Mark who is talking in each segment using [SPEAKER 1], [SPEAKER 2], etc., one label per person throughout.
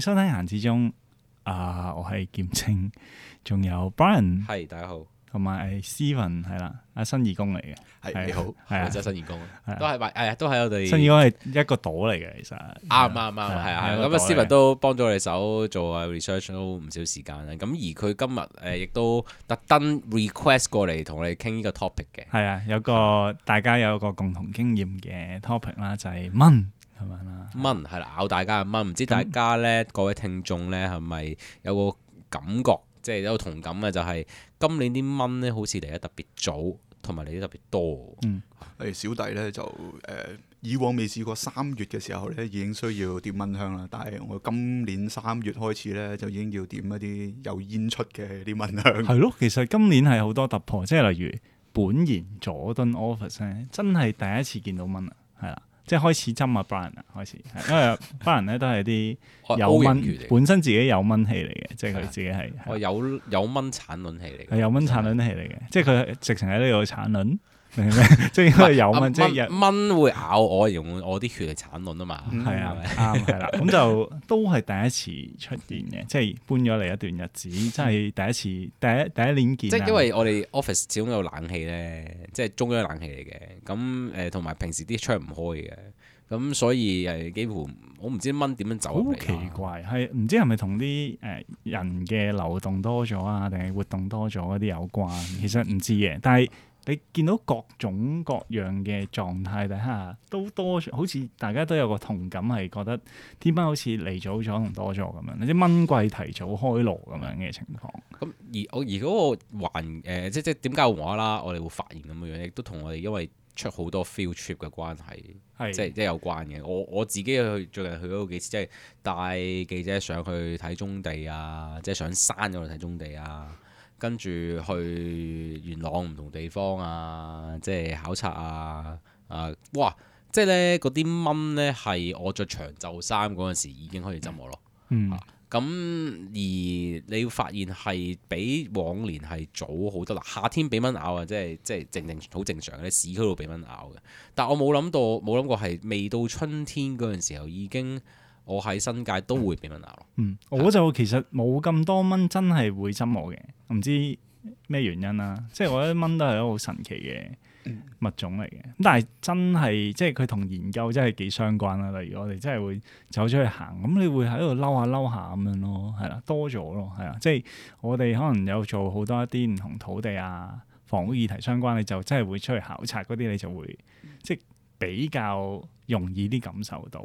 [SPEAKER 1] 身痕閒置中，啊，我係劍青，仲有 Brian，係，大家好，同埋 Steven 係啦，阿新義工嚟嘅，係你好，我係新義工，都
[SPEAKER 2] 係，誒，都係我哋新義工係
[SPEAKER 1] 一個島嚟嘅，其實啱
[SPEAKER 2] 啱，啱啊？係啊，咁啊，Steven 都幫咗我哋手做 research 都唔少時間啦。咁而佢今日誒，亦都特登 request 過嚟同我哋傾呢個 topic 嘅，
[SPEAKER 1] 係啊，有個大家有一個共同經驗嘅 topic 啦，就係、是、蚊。
[SPEAKER 2] 蚊係啦，咬大家啊！蚊，唔知大家呢，嗯、各位聽眾呢，係咪有個感覺，即、就、係、是、有個同感嘅、就是，就係今年啲蚊呢，好似嚟得特別早，同埋嚟得特別多。
[SPEAKER 3] 嗯，我小弟呢，就誒、呃，以往未試過三月嘅時候呢，已經需要點蚊香啦。但係我今年三月開始呢，就已經要點一啲有煙出嘅啲蚊香。係咯，
[SPEAKER 1] 其實今年係好多突破，即係例如本然佐敦 office 咧，真係第一次見到蚊啊！即係開始針阿、啊、Brian 啊！開始，因為 Brian 咧 都係啲有蚊， 本身自己有蚊器嚟嘅，即係佢自己係。
[SPEAKER 2] 哦的，有有蚊產卵器嚟
[SPEAKER 1] 嘅。係的的有蚊產卵器嚟嘅，的的即係佢直情喺呢度產卵。咩？ 即係有啊！
[SPEAKER 2] 蚊會咬我，用我啲血嚟產卵啊嘛，係啊、嗯，啱係啦，咁對
[SPEAKER 1] 就都係第一次出現嘅，即係 搬咗嚟一段日子，即係第一次，第一第一年見。即係因為我
[SPEAKER 2] 哋 office 始終有冷氣咧，即係中央冷氣嚟嘅，咁誒同埋平時啲窗唔開嘅，咁所以誒幾乎我唔知蚊點樣走。好奇
[SPEAKER 1] 怪，係唔知係咪同啲誒人嘅流動多咗啊，定係活動多咗嗰啲有關？其實唔知嘅，但係。你見到各種各樣嘅狀態底下，都多好似大家都有個同感，係覺得天崩好似嚟早咗同多咗咁樣，啲蚊季提早開鑼咁樣嘅情況。
[SPEAKER 2] 咁而，而我而嗰個環誒即即點解我話啦？我哋會發現咁嘅樣，樣，亦都同我哋因為出好多 field trip 嘅關係，的即即有關嘅。我我自己去最近去咗幾次，即帶記者上去睇中地啊，即想山上山嗰度睇中地啊。跟住去元朗唔同地方啊，即係考察啊，啊哇！即係呢嗰啲蚊呢，係我着長袖衫嗰陣時已經開始浸我咯。咁、嗯啊、而你會發現係比往年係早好多啦。夏天俾蚊咬啊，即係即係正正好正常嘅咧。市區度俾蚊咬嘅，但我冇諗到冇諗過係未到春天嗰陣時候已經。我喺新界都會俾蚊咬
[SPEAKER 1] 咯。嗯，我就其實冇咁多蚊，真係會針我嘅。唔知咩原因啦。即係我覺得蚊都係一個好神奇嘅物種嚟嘅。咁、嗯、但係真係即係佢同研究真係幾相關啦。例如我哋真係會走出去行，咁你會喺度嬲下嬲下咁樣咯。係啦，多咗咯。係啊，即係我哋可能有做好多一啲唔同土地啊、房屋議題相關，你就真係會出去考察嗰啲，你就會即、嗯比較容易啲感受到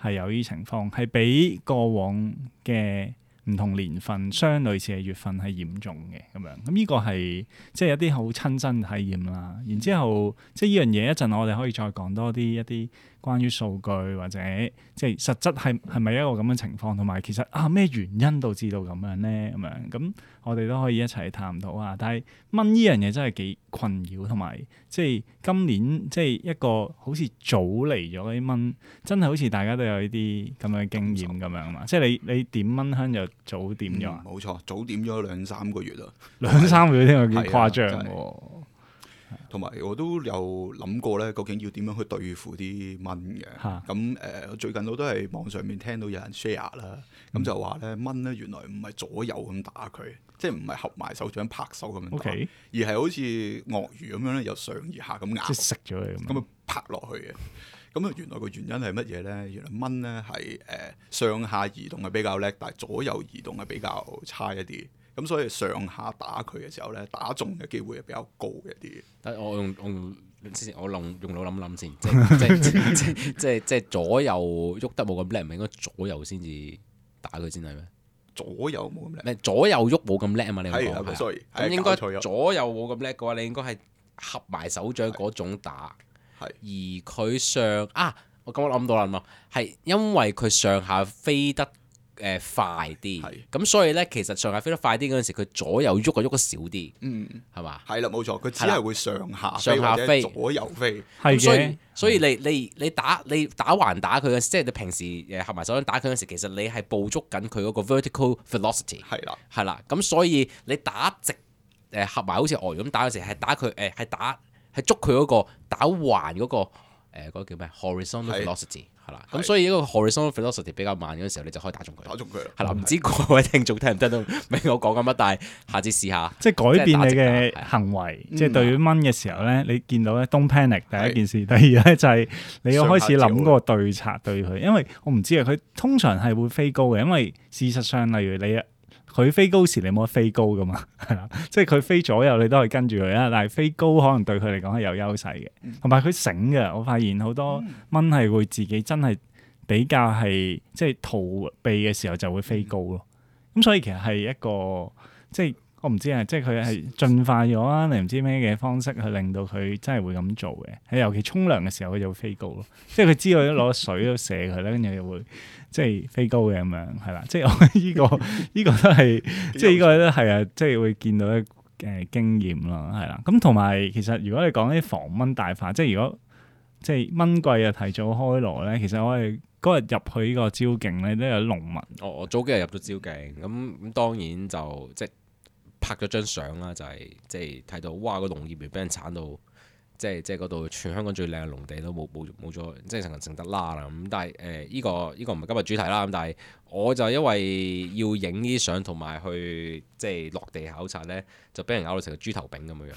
[SPEAKER 1] 係有呢情況，係比過往嘅唔同年份相類似嘅月份係嚴重嘅咁樣，咁、嗯、呢、呢個係即係一啲好親身體驗啦。然之後即係呢樣嘢一陣我哋可以再講多啲一啲。關於數據或者即係實質係係咪一個咁嘅情況，同埋其實啊咩原因導致到咁樣咧？咁樣咁我哋都可以一齊探討下。但係蚊呢樣嘢真係幾困擾，同埋即係今年即係一個好似早嚟咗啲蚊，真係好似大家都有呢啲咁樣經驗咁樣啊嘛！是即係你你點蚊香就
[SPEAKER 3] 早點咗，冇、嗯、錯，早點咗兩三個月咯，兩三個月聽落幾誇張。同埋我都有諗過咧，究竟要點樣去對付啲蚊嘅？咁誒哈、嗯，最近我都係網上面聽到有人 share 啦，咁、嗯、就話咧蚊咧原來唔係左右咁打佢，即係唔係合埋手掌拍手咁 Okay? 樣，而係好似鱷魚咁樣咧，由上而下咁壓，即食咗佢咁啊拍落去嘅。咁啊原來個原因係乜嘢咧？原來，原 原來蚊咧係誒上下移動係比較叻，但係左右移動係比較差一啲。咁所以上下打佢嘅時候咧，打中嘅機會係比較高一啲。但係我用用之前，我用我用腦諗諗先，即 即即即
[SPEAKER 2] 即，即，即，即左右喐得冇咁叻，唔係應該左右先至打佢先係咩？左右冇咁叻，咪左右喐冇咁叻啊嘛？你咁應該左右冇咁叻嘅話，你應該係合埋手掌嗰種打。對而佢上啊，我咁我諗到啦嘛，係因為佢上下飛得。誒、呃，快啲，咁的所以呢，其實上下飛得快啲嗰陣時，佢左右喐啊喐得少啲，嗯，係嘛吧，係
[SPEAKER 3] 啦，冇錯，佢只係會上下，上下飛，左右飛的、嗯所，所以，你你你打你
[SPEAKER 2] 打橫打佢嘅，即係你平時合埋手掌打佢嘅時，其實你係捕捉緊佢嗰個 vertical velocity，係啦的，係啦，咁所以你打直誒合埋好似外咁打嘅時，係打佢誒，係、呃、打係捉佢嗰個打橫嗰個。誒，嗰、呃那個叫咩？horizontal velocity 係啦，咁所以呢個 horizontal velocity 比較慢嘅時候，你就可以打中佢。打中佢啦，係啦吧，唔、嗯、知各位聽眾聽唔聽到？唔我講緊乜，但係下次試下。即係改變你嘅
[SPEAKER 1] 行為，打打嗯、即係對於蚊嘅時候咧，你見到咧 Don't panic，、嗯、第一件事，第二咧就係你要開始諗個對策對佢，因為我唔知啊，佢通常係會飛高嘅，因為事實上，例如你佢飛高時你冇得飛高㗎嘛，係啦，即係佢飛左右你都可以跟住佢啊，但係飛高可能對佢嚟講係有優勢嘅，同埋佢醒嘅，我發現好多蚊係會自己真係比較係即係逃避嘅時候就會飛高咯，咁所以其實係一個即係。就是我唔知啊，即係佢係進化咗啊，定唔知咩嘅方式去令到佢真係會咁做嘅。係尤其沖涼嘅時候，佢就會飛高咯，即係佢知道攞水都射佢咧，跟住又會即係飛高嘅咁樣，係啦。即係我呢、呢個呢、呢個都係， 即係呢個都係啊！即係會見到嘅經驗啦，係啦。咁同埋，其實如果你講啲防蚊大法，即係如果即係蚊季啊提早開鑼咧，其實我哋嗰日入去呢個招境咧，都有農民。
[SPEAKER 2] 哦，我早幾日入咗招境，咁咁當然就即拍咗張相啦，就係即係睇到，哇，個農業園俾人剷到，即係即係嗰度全香港最靚嘅農地都冇冇冇咗，即係成日成得啦啦咁。但係誒依個依個唔係今日主題啦。咁但係我就因為要影啲相同埋去即係、就是、落地考察咧，就俾人咬到成個豬頭餅咁樣。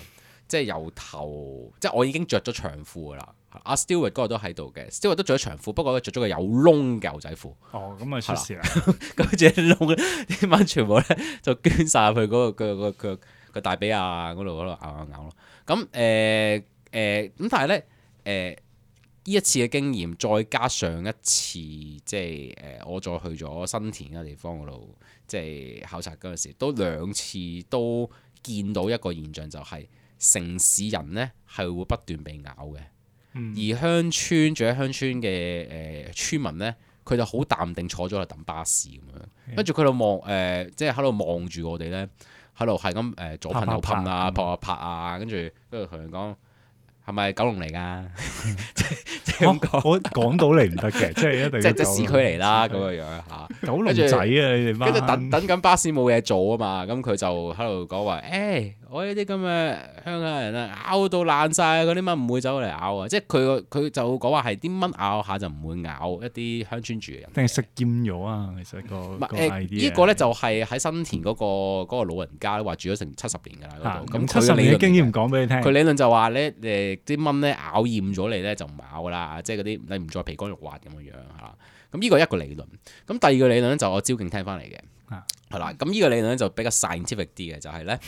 [SPEAKER 2] 即係由頭，即係我已經着咗長褲噶啦。阿 Stewart 嗰個都喺度嘅，Stewart 都着咗長褲，不過佢着咗個有窿嘅牛仔褲。哦，咁咪出事啦！咁隻窿啲蚊全部咧就捐曬去嗰、嗰個腳、嗰個嗰個嗰個嗰個大髀啊嗰度、嗰度咬咬咬咯。咁誒誒，咁、呃、但係咧誒呢、呃、一次嘅經驗，再加上一次即係誒、呃、我再去咗新田嘅地方嗰度，即係考察嗰陣時，都兩次都見到一個現象、就係，就係。城市人呢係會不斷被咬嘅，嗯、而鄉村仲有鄉村嘅誒、呃、村民呢，佢就好淡定坐咗喺度等巴士咁樣，跟住佢度望誒，即係喺度望住我哋呢，喺度係咁誒左噴右噴啊，拍啊拍啊，嗯、跟住跟住同佢講係咪九龍嚟㗎？
[SPEAKER 1] 我講到你唔得嘅，即係一定即即市區嚟啦咁嘅樣嚇。好靚仔啊！你哋跟住等等
[SPEAKER 2] 緊巴士冇嘢做啊嘛，咁佢就喺度講話誒，我呢啲咁嘅香港人啊，咬到爛晒。嗰啲蚊唔會走嚟咬啊！即係佢佢就講話係啲蚊咬下就唔會咬一啲鄉村住嘅
[SPEAKER 1] 人。定係食厭咗啊！其實個呢依個
[SPEAKER 2] 咧就係喺新田嗰個老人家咧話住咗成七十年㗎啦。咁七十年嘅
[SPEAKER 1] 經驗講俾你聽。佢
[SPEAKER 2] 理論就話咧誒啲蚊咧咬厭咗你咧就唔咬㗎啦。啊，即係嗰啲你唔再皮乾肉滑咁嘅樣嚇，咁依個係一個理論。咁第二個理論就我招勁聽翻嚟嘅，係啦、啊。咁、這、呢個理論咧就比較 scientific 啲嘅，就係、是、呢。誒、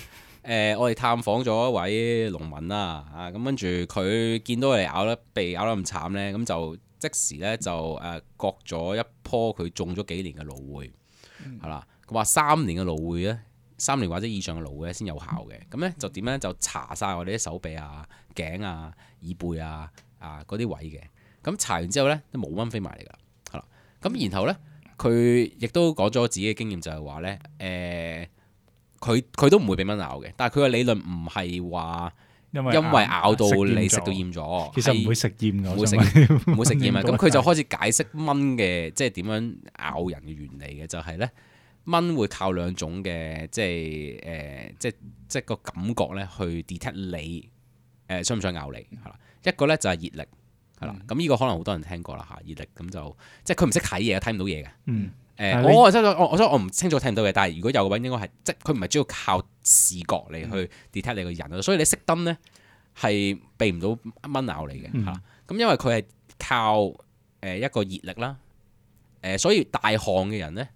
[SPEAKER 2] 呃，我哋探訪咗一位農民啦，啊，咁跟住佢見到人咬咧，被咬得咁慘呢，咁、啊、就即時呢，就誒割咗一樖佢種咗幾年嘅蘆薈，係啦，佢話、嗯、三年嘅蘆薈呢，三年或者以上嘅蘆薈咧先有效嘅，咁、嗯、呢，就點咧就搽晒我哋啲手臂啊、頸啊、耳背啊。啊啊啊啊啊啊啊啊！嗰啲位嘅，咁、嗯、查完之後咧都冇蚊飛埋嚟噶，係、嗯、啦。咁然後咧，佢亦都講咗自己嘅經驗、就是，就係話咧，誒，佢佢都唔會俾蚊咬嘅。但係佢嘅理論唔係話，因為因為咬到你，到你食到厭咗，是其實唔會食厭嘅，唔會食唔會食厭啊。咁佢就開始解釋蚊嘅即係點樣咬人嘅原理嘅，就係、是、咧，蚊 會靠兩種嘅即係誒，即、呃、即個感覺咧去 detect 你誒想唔想咬你，係啦。一個咧就係熱力，係啦、嗯，咁呢個可能好多人聽過啦嚇，熱力咁就即係佢唔識睇嘢，睇唔到嘢嘅。誒，我我真係我我所以，我唔清楚睇唔到嘢，但係如果有位應該係即係佢唔係主要靠視覺嚟去 detect 你個人，所以你熄燈咧係避唔到蚊咬你嘅嚇。咁、嗯嗯、因為佢係靠誒一個熱力啦，誒、呃、所以大汗嘅人咧。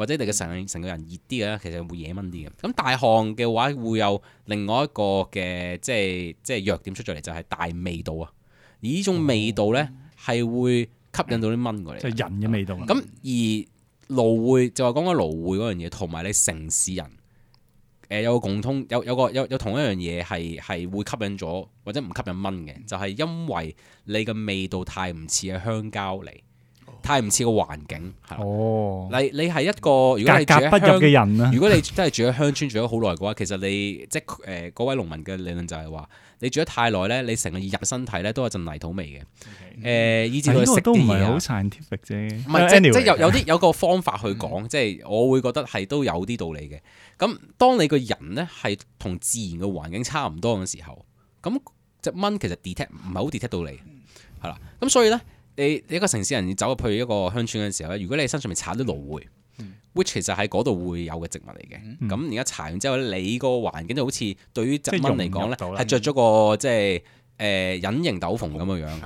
[SPEAKER 2] 或者你嘅成成個人熱啲嘅，其實會惹蚊啲嘅。咁大汗嘅話，會有另外一個嘅，即係即係弱點出咗嚟，就係、是、大味道啊！而呢種味道咧，係、哦、會吸引到啲蚊過嚟。即係、嗯、看人嘅味道。咁、嗯、而蘆薈就話講緊蘆薈嗰樣嘢，同埋你城市人，誒有個共通有有個有有同一樣嘢係係會吸引咗或者唔吸引蚊嘅，就係、是、因為你嘅味道太唔似係香蕉嚟。太唔似個環境。
[SPEAKER 1] 哦，
[SPEAKER 2] 嗱，你係一個格格不入嘅人啦。如果你真係住喺鄉村住咗好耐嘅話， 其實你即係誒嗰位農民嘅理論就係話，你住得太耐咧，你成日入身體咧都有陣泥土味嘅。誒、嗯，以前都唔係好
[SPEAKER 1] scientific 啫。唔係即有有啲
[SPEAKER 2] 有個方法去講，即係、嗯、我會覺得係都有啲道理嘅。咁當你個人咧係同自然嘅環境差唔多嘅時候，咁隻蚊其實 detect 唔係好 detect 到你，係啦。咁所以咧。你一個城市人走入去一個鄉村嘅時候咧，如果你身上面插啲蘆薈，which、嗯、其實喺嗰度會有嘅植物嚟嘅，咁而家查完之後你個環境就好似對於植物嚟講咧，係着咗個即係誒隱形斗篷咁嘅樣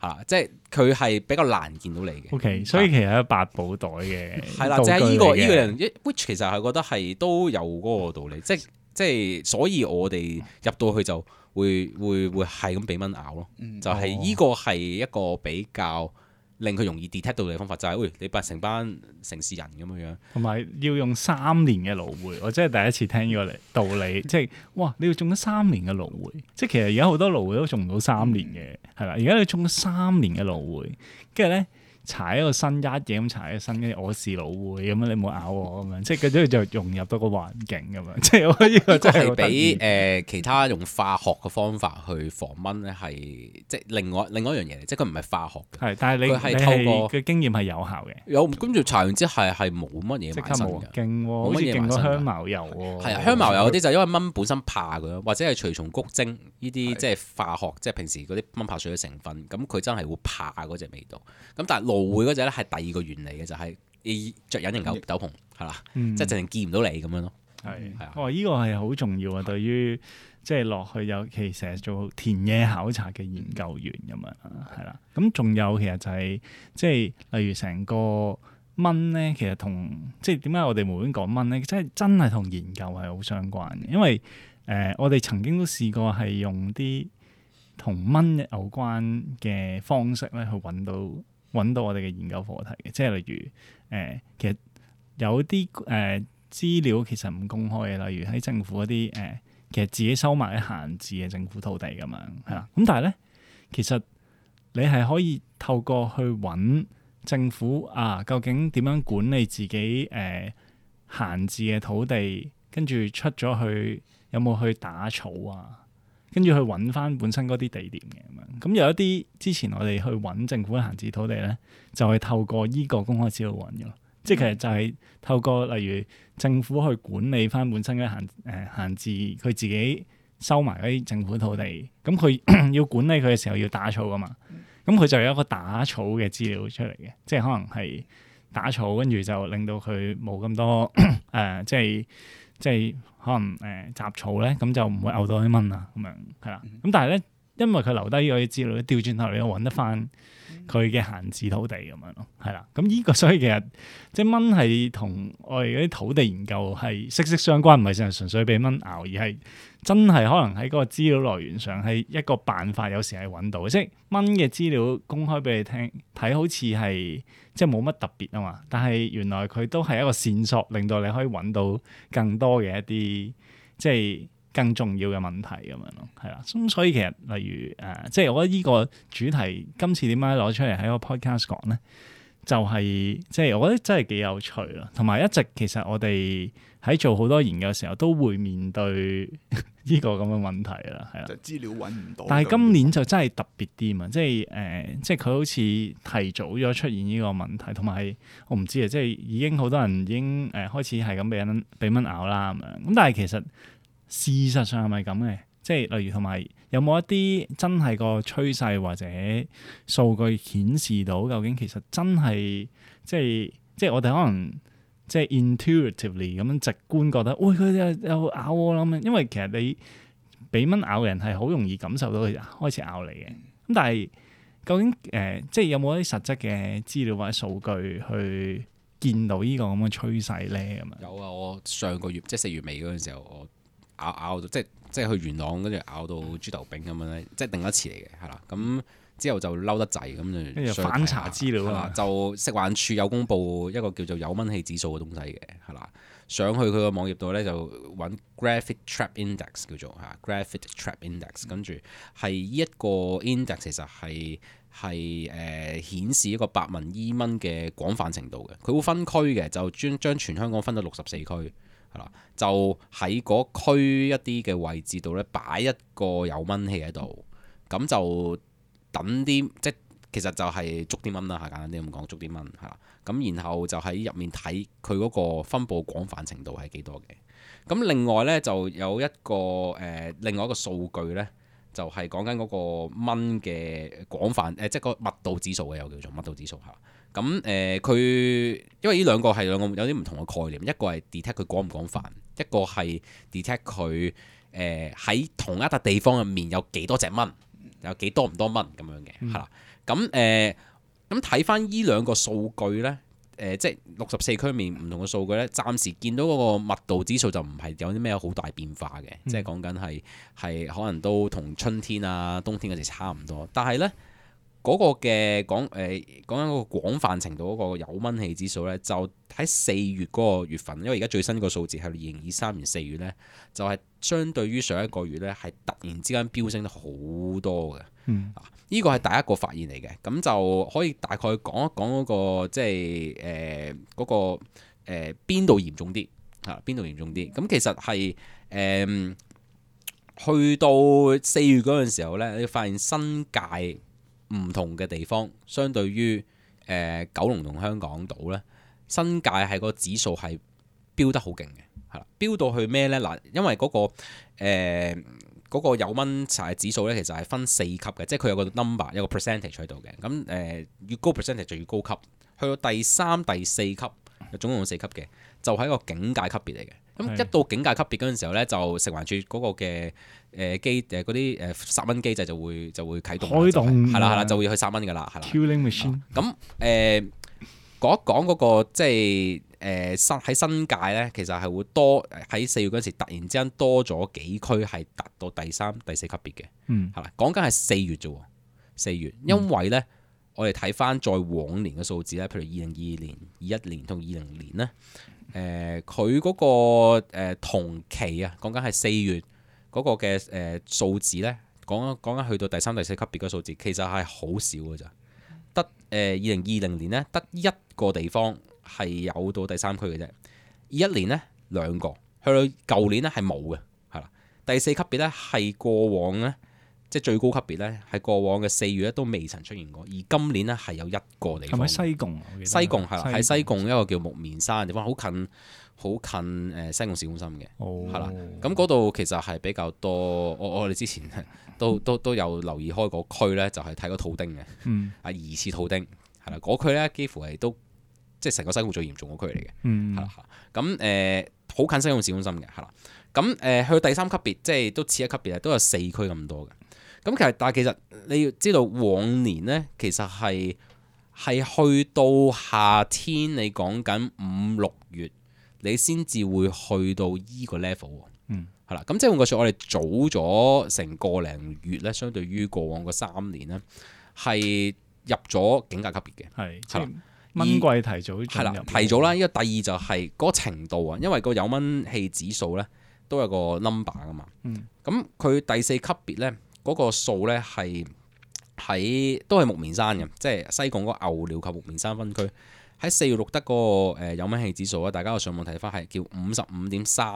[SPEAKER 2] 嚇，即係佢係比
[SPEAKER 1] 較難見到你嘅。O K，嗯、吧所以其實係八寶袋嘅，係啦，就係呢個呢個人
[SPEAKER 2] ，which 其實係覺得係都有嗰個道理，即即係所以我哋入到去就。會會會係咁俾蚊咬咯，嗯、就係呢個係一個比較令佢容易 detect 到嘅方法，就係、是、喂、哎、你扮成班城市人咁樣。
[SPEAKER 1] 同埋要用三年嘅蘆薈，我真係第一次聽依個道理，即、就、係、是、哇你要種咗三年嘅蘆薈，即係其實而家好多蘆薈都種唔到三年嘅，係啦，而家你種咗三年嘅蘆薈，跟住咧。搽一個身一嘢咁搽一個身嘅。我是老會咁樣，你冇咬我咁樣， 即係佢都就融入到個環境咁樣，即係我呢個真係比
[SPEAKER 2] 誒、 呃、其他用化學嘅方法去防蚊咧，係即係另外另外一樣嘢，即佢唔係化學，但係你係透過嘅經驗係有效嘅，有跟住搽完之後係冇乜嘢紋身嘅，
[SPEAKER 1] 勁喎、啊，好似勁過香茅油喎、啊。係啊、嗯，香茅油嗰啲
[SPEAKER 2] 就因為蚊本身怕佢，或者係除蟲菊精呢啲的即係化學，即係平時嗰啲蚊怕水嘅成分，咁佢真係會怕嗰隻味道。咁但係。露會嗰隻咧係第二個原理嘅，就係你着隱形狗斗篷，係啦，即係成日見唔到你咁樣咯。
[SPEAKER 1] 係係啊，依、哦呢個係好重要啊，對於即係落去有，其實做田野考察嘅研究員咁樣係啦。咁仲、嗯、有其實就係即係例如成個蚊咧，其實同即係點解我哋無端端講蚊咧，即係真係同研究係好相關嘅。因為誒、呃，我哋曾經都試過係用啲同蚊有關嘅方式咧去揾到。揾到我哋嘅研究課題嘅，即係例如，誒、呃，其實有啲誒、呃、資料其實唔公開嘅，例如喺政府一啲誒、呃，其實自己收埋嘅閒置嘅政府土地咁樣，係啦。咁但係咧，其實你係可以透過去揾政府啊，究竟點樣管理自己誒閒置嘅土地，跟住出咗去有冇去打草啊？跟住去揾翻本身嗰啲地點嘅咁樣，咁有一啲之前我哋去揾政府嘅閒置土地咧，就係、是、透過依個公開資料揾嘅，嗯、即係其實就係透過例如政府去管理翻本身嘅閒誒閒置，佢、呃、自己收埋嗰啲政府土地，咁佢要管理佢嘅時候要打草㗎嘛，咁佢就有一個打草嘅資料出嚟嘅，即係可能係打草跟住就令到佢冇咁多誒、呃，即係。即係可能誒、呃、雜草咧，咁就唔會嘔到啲蚊啊，咁、嗯、樣係啦。咁但係咧，因為佢留低呢個資料，調轉頭你又揾得翻佢嘅閒置土地咁樣咯，係啦。咁呢個所以其實即係蚊係同我哋嗰啲土地研究係息息相關，唔係淨係純粹俾蚊咬，而係。真係可能喺嗰個資料來源上係一個辦法，有時係揾到，即係蚊嘅資料公開俾你聽睇，好似係即係冇乜特別啊嘛。但係原來佢都係一個線索，令到你可以揾到更多嘅一啲即係更重要嘅問題咁樣咯，係啦。咁所以其實例如誒、呃，即係我覺得呢個主題今次點解攞出嚟喺個 podcast 講咧，就係、是、即係我覺得真係幾有趣咯。同埋一直其實我哋。喺做好多研究嘅時候，都會面對呢個咁嘅問題啦，係啦、
[SPEAKER 3] 嗯。的資料揾唔到。但係今
[SPEAKER 1] 年就真係特別啲嘛，嗯、即係誒、呃，即係佢好似提早咗出現呢個問題，同埋我唔知啊，即係已經好多人已經誒開始係咁畀蚊畀蚊咬啦咁樣。咁但係其實事實上係咪咁嘅？即係例如同埋有冇一啲真係個趨勢或者數據顯示到究竟其實真係即係即係我哋可能？即係 intuitively 咁樣直觀覺得，喂，佢有又咬我啦咁，因為其實你俾蚊咬人係好容易感受到佢開始咬你嘅。咁但係究竟誒、呃，即係有冇一啲實質嘅資料或者數據去見到呢個咁嘅趨勢咧？咁啊，有啊，
[SPEAKER 2] 我上個月即係四月尾嗰陣時候，我咬咬到即係即係去元朗，跟住咬到豬頭炳咁樣咧，即係定一次嚟嘅係啦咁。之後就嬲得滯咁就翻查資料就食環署有公布一個叫做誘蚊器指數嘅東西嘅，係啦，上去佢個網頁度呢，就揾 Graphic Trap Index 叫做 Graphic Trap Index，跟住係呢一個 index 其實係係誒顯示一個白紋伊蚊嘅廣泛程度嘅，佢會分區嘅，就將全香港分到六十四區係啦，就喺嗰區一啲嘅位置度呢，擺一個誘蚊器喺度，咁、嗯、就。等啲即其實就係捉啲蚊啦，簡單啲咁講，捉啲蚊係啦。咁然後就喺入面睇佢嗰個分布廣泛程度係幾多嘅。咁另外呢，就有一個誒、呃，另外一個數據呢，就係、係、講緊嗰個蚊嘅廣泛，呃、即係個密度指數又叫做密度指數嚇。咁誒佢因為呢兩個係兩個有啲唔同嘅概念，一個係 detect 佢廣唔廣泛，一個係 detect 佢誒喺、呃、同一笪地方入面有幾多隻蚊。有幾多唔多蚊咁樣嘅，係啦、嗯。咁誒，咁睇翻依兩個數據呢，誒、呃，即係六十四區面唔同嘅數據呢，暫時見到嗰個密度指數就唔係有啲咩好大變化嘅，嗯、即係講緊係係可能都同春天啊、冬天嗰時差唔多，但係呢，嗰個嘅講誒講緊嗰個廣泛程度嗰個誘蚊器指數呢，就喺四月嗰個月份，因為而家最新個數字係二零二三年四月呢，就係、是、相對於上一個月呢，係突然之間飆升咗好多嘅。嗯，呢個係第一個發現嚟嘅，咁就可以大概講一講嗰個即係誒嗰個誒邊度嚴重啲嚇，邊度嚴重啲？咁其實係誒、呃、去到四月嗰陣時候呢，你發現新界。唔同嘅地方，相對於誒、呃、九龍同香港島咧，新界係個指數係飆得好勁嘅，係啦，飆到去咩咧？嗱，因為嗰、那個誒、呃那個、誘蚊器指數咧，其實係分四級嘅，即係佢有個 number 有個 percentage 喺度嘅，咁誒、呃、越高 percentage 就越高級，去到第三、第四級，總共有四級嘅，就係、是、一個警戒級別嚟嘅。咁是的 一到警戒級別嗰陣時候咧，就食環署嗰個嘅。誒機誒嗰啲誒殺蚊機制就會就會啟動，開動，係啦，係啦，就會去殺蚊噶啦。Killing machine。咁誒講一講嗰、嗰個即係誒新喺新界咧，其實係會多喺四月嗰時突然之間多咗幾區係達到第三、第四級別嘅。嗯，係啦，講緊係四月啫，四月。因為咧，我哋睇翻再往年嘅數字咧，譬如二零二二年、二一年同二零年咧，誒佢嗰個、呃、同期啊，講緊係四月。嗰個嘅誒、呃、數字呢，講講緊去到第三、第四級別嘅數字，其實係好少嘅咋。得二零二零年呢，得一個地方係有到第三區嘅啫。二一年呢，兩個，去到舊年呢係冇嘅，係啦，第四級別呢，係過往咧。即係最高級別咧，喺過往嘅四月咧都未曾出現過，而今年呢，係有一個
[SPEAKER 1] 地方係喺西貢，西貢係啦，喺西，貢西
[SPEAKER 2] 貢一個叫木棉山嘅地方，好近好近誒、呃、西貢市中心嘅，係啦、哦。咁嗰度其實係比較多，我我哋之前都都都，都有留意開個區咧，就係睇個套丁嘅，啊、嗯、疑似套丁係啦，嗰、那個、區咧幾乎係都即係成個西貢最嚴重個區嚟嘅，係啦、嗯。咁誒好近西貢市中心嘅，係啦。咁誒、呃、去第三級別，即係都似一級別，都有四區咁多嘅。咁其實，但係其實你要知道，往年呢其實係係去到夏天，你講緊五六月，你先至會去到依個 level。嗯，係啦。咁即係換句說，我哋早咗成個零月呢，相對於過往個三年呢，係入咗警戒級別嘅。係是，係啦
[SPEAKER 1] 的。蚊季提，提早，係提
[SPEAKER 2] 早啦。因為第二就係嗰程度啊，因為個誘蚊器指數呢，都有個 number 噶嘛。咁佢、嗯、第四級別呢。嗰個數咧係喺都係木棉山嘅，即係西貢嗰牛寮及木棉山分區喺四月錄得個誒誘蚊器指數啊，大家我上網睇翻係叫五十五點三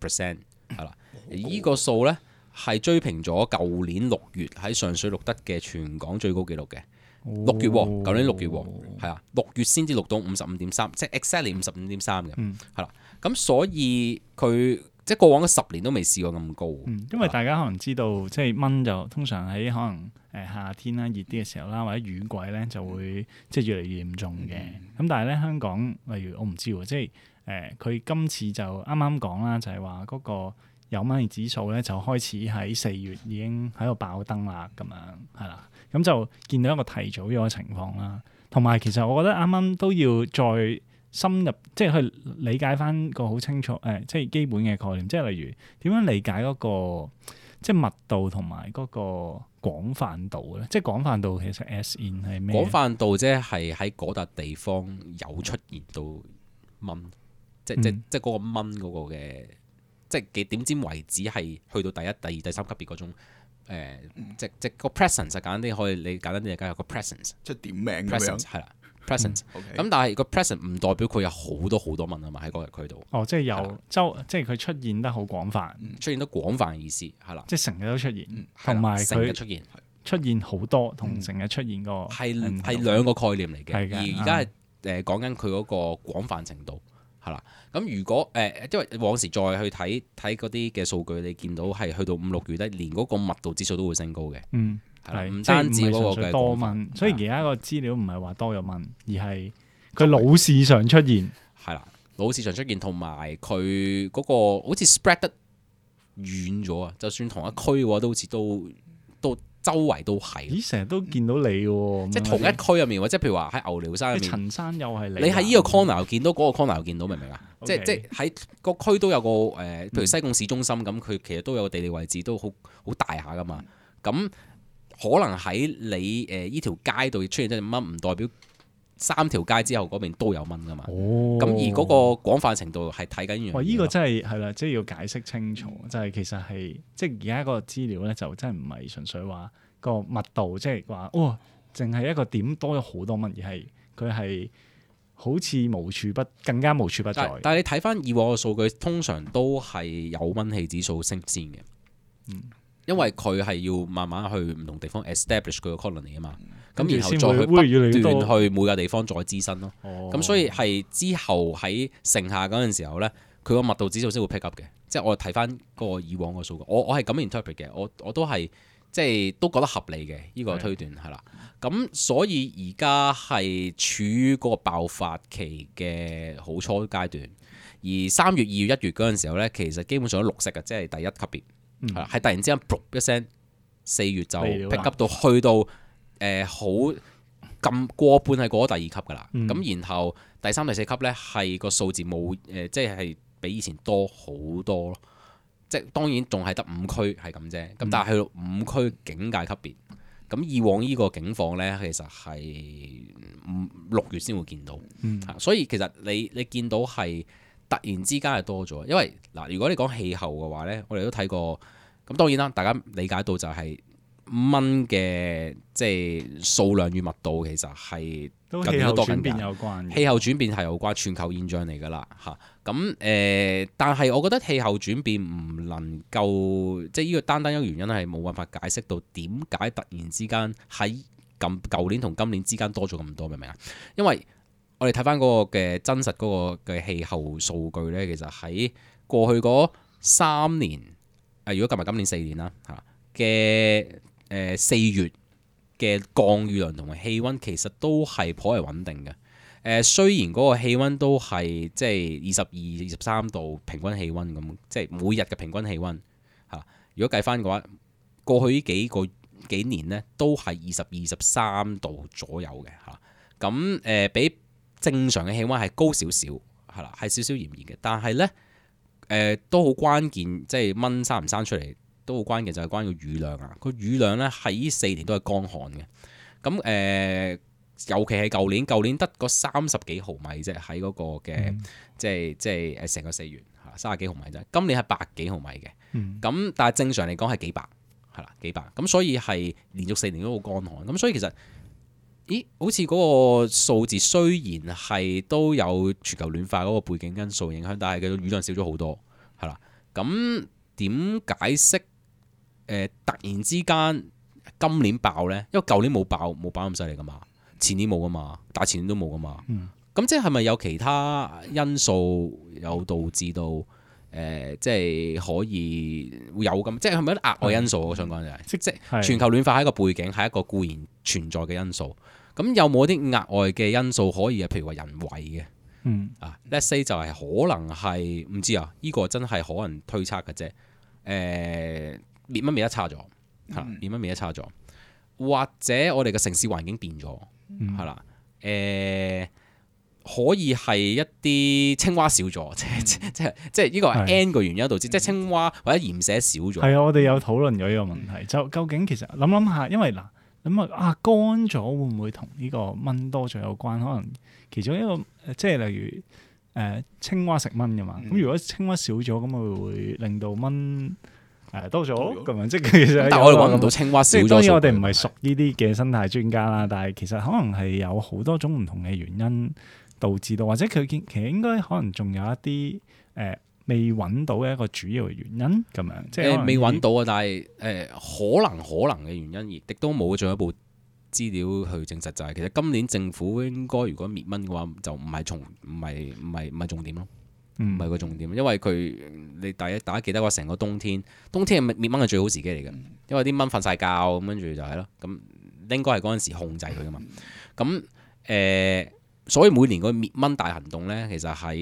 [SPEAKER 2] percent 係啦，呢、哦、個數咧係追平咗舊年六月喺上水錄得嘅全港最高紀錄嘅六、哦、月喎，舊年六月喎係啊，六月先至錄到五十五點三，即係 exactly 五十五點三嘅係啦，咁、嗯、所
[SPEAKER 1] 以佢。即係過往嘅十年都未試過咁高、嗯，因為大家可能知道，啊、即係蚊就通常喺可能誒夏天啦、熱啲嘅時候啦，或者雨季咧就會即係越嚟越嚴重嘅。咁、嗯、但係咧香港例如我唔知喎，即係誒佢今次就啱啱講啦，就係話嗰個誘蚊器指數咧就開始喺四月已經喺度爆燈啦，咁樣係啦，咁就見到一個提早咗嘅情況啦。同埋其實我覺得啱啱都要再。深入即係去理解翻個好清楚誒、哎，即係基本嘅概念。即係例如點樣理解嗰、嗰個即係密度同埋嗰個廣泛度咧？即係廣泛度其實 as in 係咩？廣
[SPEAKER 2] 泛度即係喺嗰笪地方有出現到蚊，嗯、即即即係嗰個蚊嗰個嘅，即係幾點尖為止係去到第一、第二、第三級別嗰種、呃、即即個 presence。簡單啲可以，你簡單啲解，有、嗰個 presence 即係點名咁樣，係啦。presence 咁，但係個 present 唔代表佢有好多好多蚊啊嘛，喺嗰個區度。
[SPEAKER 1] 哦，即係有周，即係佢出現得好廣泛。出現得廣泛嘅意思係啦，即係成日都出現，同埋成日出現，出現好多同成日出現個係係兩個
[SPEAKER 2] 概念嚟嘅，而而家係誒講緊佢嗰個廣泛程度。係啦，咁如果誒、呃，因為往時再去睇睇嗰啲嘅數據，你見到係去到五六月咧，連嗰個密度指數都會升高嘅。嗯，係啦的，唔單止嗰個多
[SPEAKER 1] 蚊，雖然而家個資料唔係話多有蚊，而係佢老市場出現，係啦，老市場出現同埋佢
[SPEAKER 2] 嗰個好似 spread 得遠咗啊，就算同一區嘅話，都好似都。周圍都係，咦？
[SPEAKER 1] 成日都見到你喎。哦，嗯
[SPEAKER 2] 嗯、即係同一區入面，或者譬如話喺牛寮山面，陳
[SPEAKER 1] 山又係你，啊，你喺呢個
[SPEAKER 2] corner 又見到，嗰、那個 corner 又見到，明唔明啊？ 即係即係喺各區都有個誒，譬如西貢市中心咁，佢、嗯、其實都有個地理位置都好好大下噶嘛。咁、嗯、可能喺你誒依、呃、條街度出現一隻蚊，唔代表。三條街之後嗰邊都有蚊㗎嘛？咁而嗰個廣泛程度係睇緊樣。哇！呢個
[SPEAKER 1] 真係係啦，即係、就係、要解釋清楚，就係、係、其實係即係而家個資料咧，就真係唔係純粹話個密度，即係話哦，淨係一個點多咗好多蚊，而係佢係好似無處不更加無處不在。
[SPEAKER 2] 但係你睇返以往嘅數據，通常都係有蚊器指數升先嘅。嗯，因為佢係要慢慢去唔同地方 establish 佢個 colony 啊嘛。咁然後再去不斷去每個地方再滋生咯，咁、哦嗯、所以係之後喺盛夏嗰陣時候呢，佢個密度指數先會 pick up 嘅，即係我睇翻個以往個數據，我我係咁 interpret 嘅，我我，我都係即係都覺得合理嘅呢、這個推斷係啦。咁的的所以而家係處於嗰個爆發期嘅好初階段，而三月、二月、一月嗰陣時候呢，其實基本上都綠色嘅，即、就、係、是、第一級別，係、嗯、突然之間一聲，四月就 pick up 到去到。誒、呃、好咁過半係過咗第二級噶啦，咁、嗯、然後第三、第四級呢，係個數字冇誒、呃，即係比以前多好多咯。即係當然仲係得五區係咁啫，咁、嗯、但係去到五區警戒級別，咁以往呢個警況呢，其實係五六月先會見到、嗯啊，所以其實你你見到係突然之間係多咗，因為嗱，如果你講氣候嘅話呢，我哋都睇過。咁當然啦，大家理解到就係、是。蚊嘅即係數量與密度其實係都好多更加。同氣候轉變有關。氣候轉變係有關，有關全球現象嚟㗎啦，嚇咁誒。但係我覺得氣候轉變唔能夠即係呢個單單一個原因，係冇辦法解釋到點解突然之間喺咁舊年同今年之間多咗咁多，明唔明啊？因為我哋睇翻嗰個嘅真實嗰個嘅氣候數據咧，其實喺過去嗰三年誒、啊，如果今日今年四年啦嚇嘅。啊四月嘅降雨量同埋氣温其實都係頗為穩定嘅。誒雖然嗰個氣温都係即係二十二、二十三度平均氣温咁，即係每日嘅平均氣温嚇。如果計翻嘅話，過去呢幾個幾年呢都係二十二、十三度左右嘅嚇。咁誒比正常嘅氣温係高少少，係啦，係少少炎熱嘅，但係呢都好關鍵，即係蚊生唔生出嚟？都好關鍵，就係、是、關於雨量啊！個雨量呢，喺呢四年都係乾旱嘅。咁、嗯、誒，尤其係舊年，舊年得個三十幾毫米啫，喺嗰、那個嘅，即係即係成個四月三十幾毫米啫。今年係百幾毫米嘅，咁、嗯、但係正常嚟講係幾百，係啦幾百。咁所以係連續四年都好乾旱。咁所以其實，咦？好似嗰個數字雖然係都有全球暖化嗰個背景因素影響，但係嘅雨量少咗好多，係啦。咁點解釋？呃、突然之間今年爆呢？因為舊年冇爆，冇爆咁犀利噶嘛，前年冇噶嘛，大前年都冇噶嘛。咁、嗯、即係咪有其他因素有導致到誒、呃，即係可以有咁，即係係咪啲額外因素我、嗯、想講就係全球暖化係一個背景，係一個固然存在嘅因素。咁有冇啲額外嘅因素可以譬如話人為嘅，嗯、啊，let's say 就係可能係唔知啊，呢、這個真係可能推測嘅啫，誒、呃。滅蚊未得差咗，係滅蚊未得差咗，或者我哋嘅城市環境變咗，係啦、嗯，誒、呃，可以係一啲青蛙少咗、嗯，即係即係即係，呢個係 N 個原因導致，是即係青蛙或者鹽蛇少咗。係啊，
[SPEAKER 1] 我哋有討論咗呢個問題，嗯、就究竟其實諗諗下，因為嗱，咁啊，啊乾咗會唔會同呢個蚊多咗有關？可能其中一個，即係例如誒、呃，青蛙食蚊噶嘛，咁、嗯、如果青蛙少咗，咁咪會令到蚊。誒多咗咁樣，即但我哋揾到青蛙少咗，雖然我哋唔係屬呢啲嘅生態專家啦，的但係其實可能係有好多種唔同嘅原因導致到，或者佢見其實應該可能仲有一啲誒、呃、未揾到嘅一個主要嘅原因咁樣，即係、呃、未揾
[SPEAKER 2] 到啊，但係誒、呃、可能可能嘅原因而亦都冇進一步資料去證實。就係、是、其實今年政府應該如果滅蚊嘅話，就唔係重唔係唔係唔係重點咯。唔係個重點，因為佢你第一大家記得話，成個冬天，冬天係滅蚊係最好時機嚟嘅，因為啲蚊瞓晒覺，咁跟住就係、是、咯，咁應該係嗰陣時控制佢噶嘛。咁誒、呃，所以每年個滅蚊大行動呢，其實喺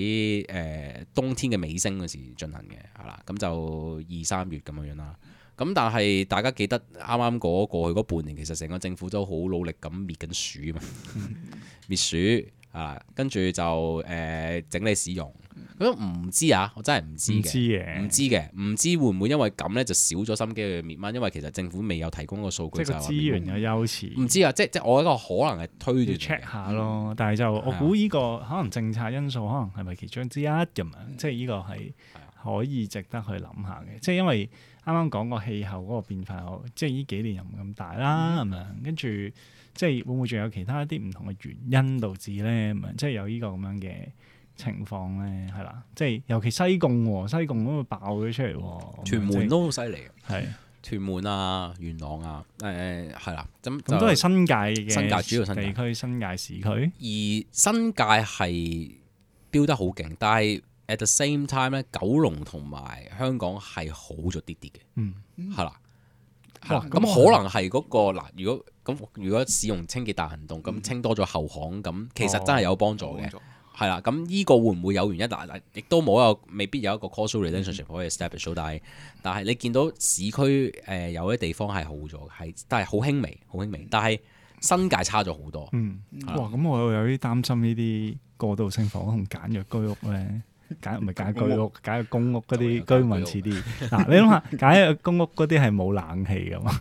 [SPEAKER 2] 誒、呃、冬天嘅尾聲嗰時進行嘅，係啦，咁就二三月咁樣啦。咁但係大家記得啱啱嗰過去嗰半年，其實成個政府都好努力咁滅緊鼠嘛， 滅鼠。啊，跟住就誒整理使用，都唔知啊，我真係唔知嘅，唔知嘅，唔知會唔會因為咁咧就少咗心機去滅蚊，因為其實政府未
[SPEAKER 1] 有提供個數據，即係資源嘅優次。唔知啊，即即我一個可能係推斷，check 下咯。但係就我估呢個可能政策因素，可能係咪其中之一咁樣？即係依個係可以值得去諗下嘅。即係因為啱啱講個氣候嗰個變化，即係依幾年又唔咁大啦，咁樣跟住。即係會唔會仲有其他一啲唔同嘅原因導致咧？咁樣即係有呢個咁樣嘅情況咧，係啦。即係尤其西貢喎，西貢都會爆咗出嚟喎。屯門都好犀利。
[SPEAKER 2] 係屯門啊，元朗啊，誒係啦。咁咁都係新界嘅。新界主要新
[SPEAKER 1] 區，新界市區。
[SPEAKER 2] 而新界係飆得好勁，但係 at the same time 咧，九龍同埋香港係好咗啲啲嘅。嗯，係啦。咁可能係嗰、那個嗱，如果咁如果市容清潔大行動，咁、嗯、清多咗後巷，咁其實真係有幫助嘅，係啦、哦。咁呢個會唔會有原因？嗱嗱，亦都冇一未必有一個 causal relationship、嗯、可以 establish 但係但係你見到市區誒、呃、有啲地方係好咗，係但係好輕微，好輕微。但係新界差咗好多。
[SPEAKER 1] 嗯，哇！咁我又有啲擔心呢啲過渡性房屋同簡約居屋咧。揀唔係揀居屋，揀個公屋嗰啲居民似啲。嗱， 你諗、嗯、 下，揀個公屋嗰啲係冇冷氣噶嘛？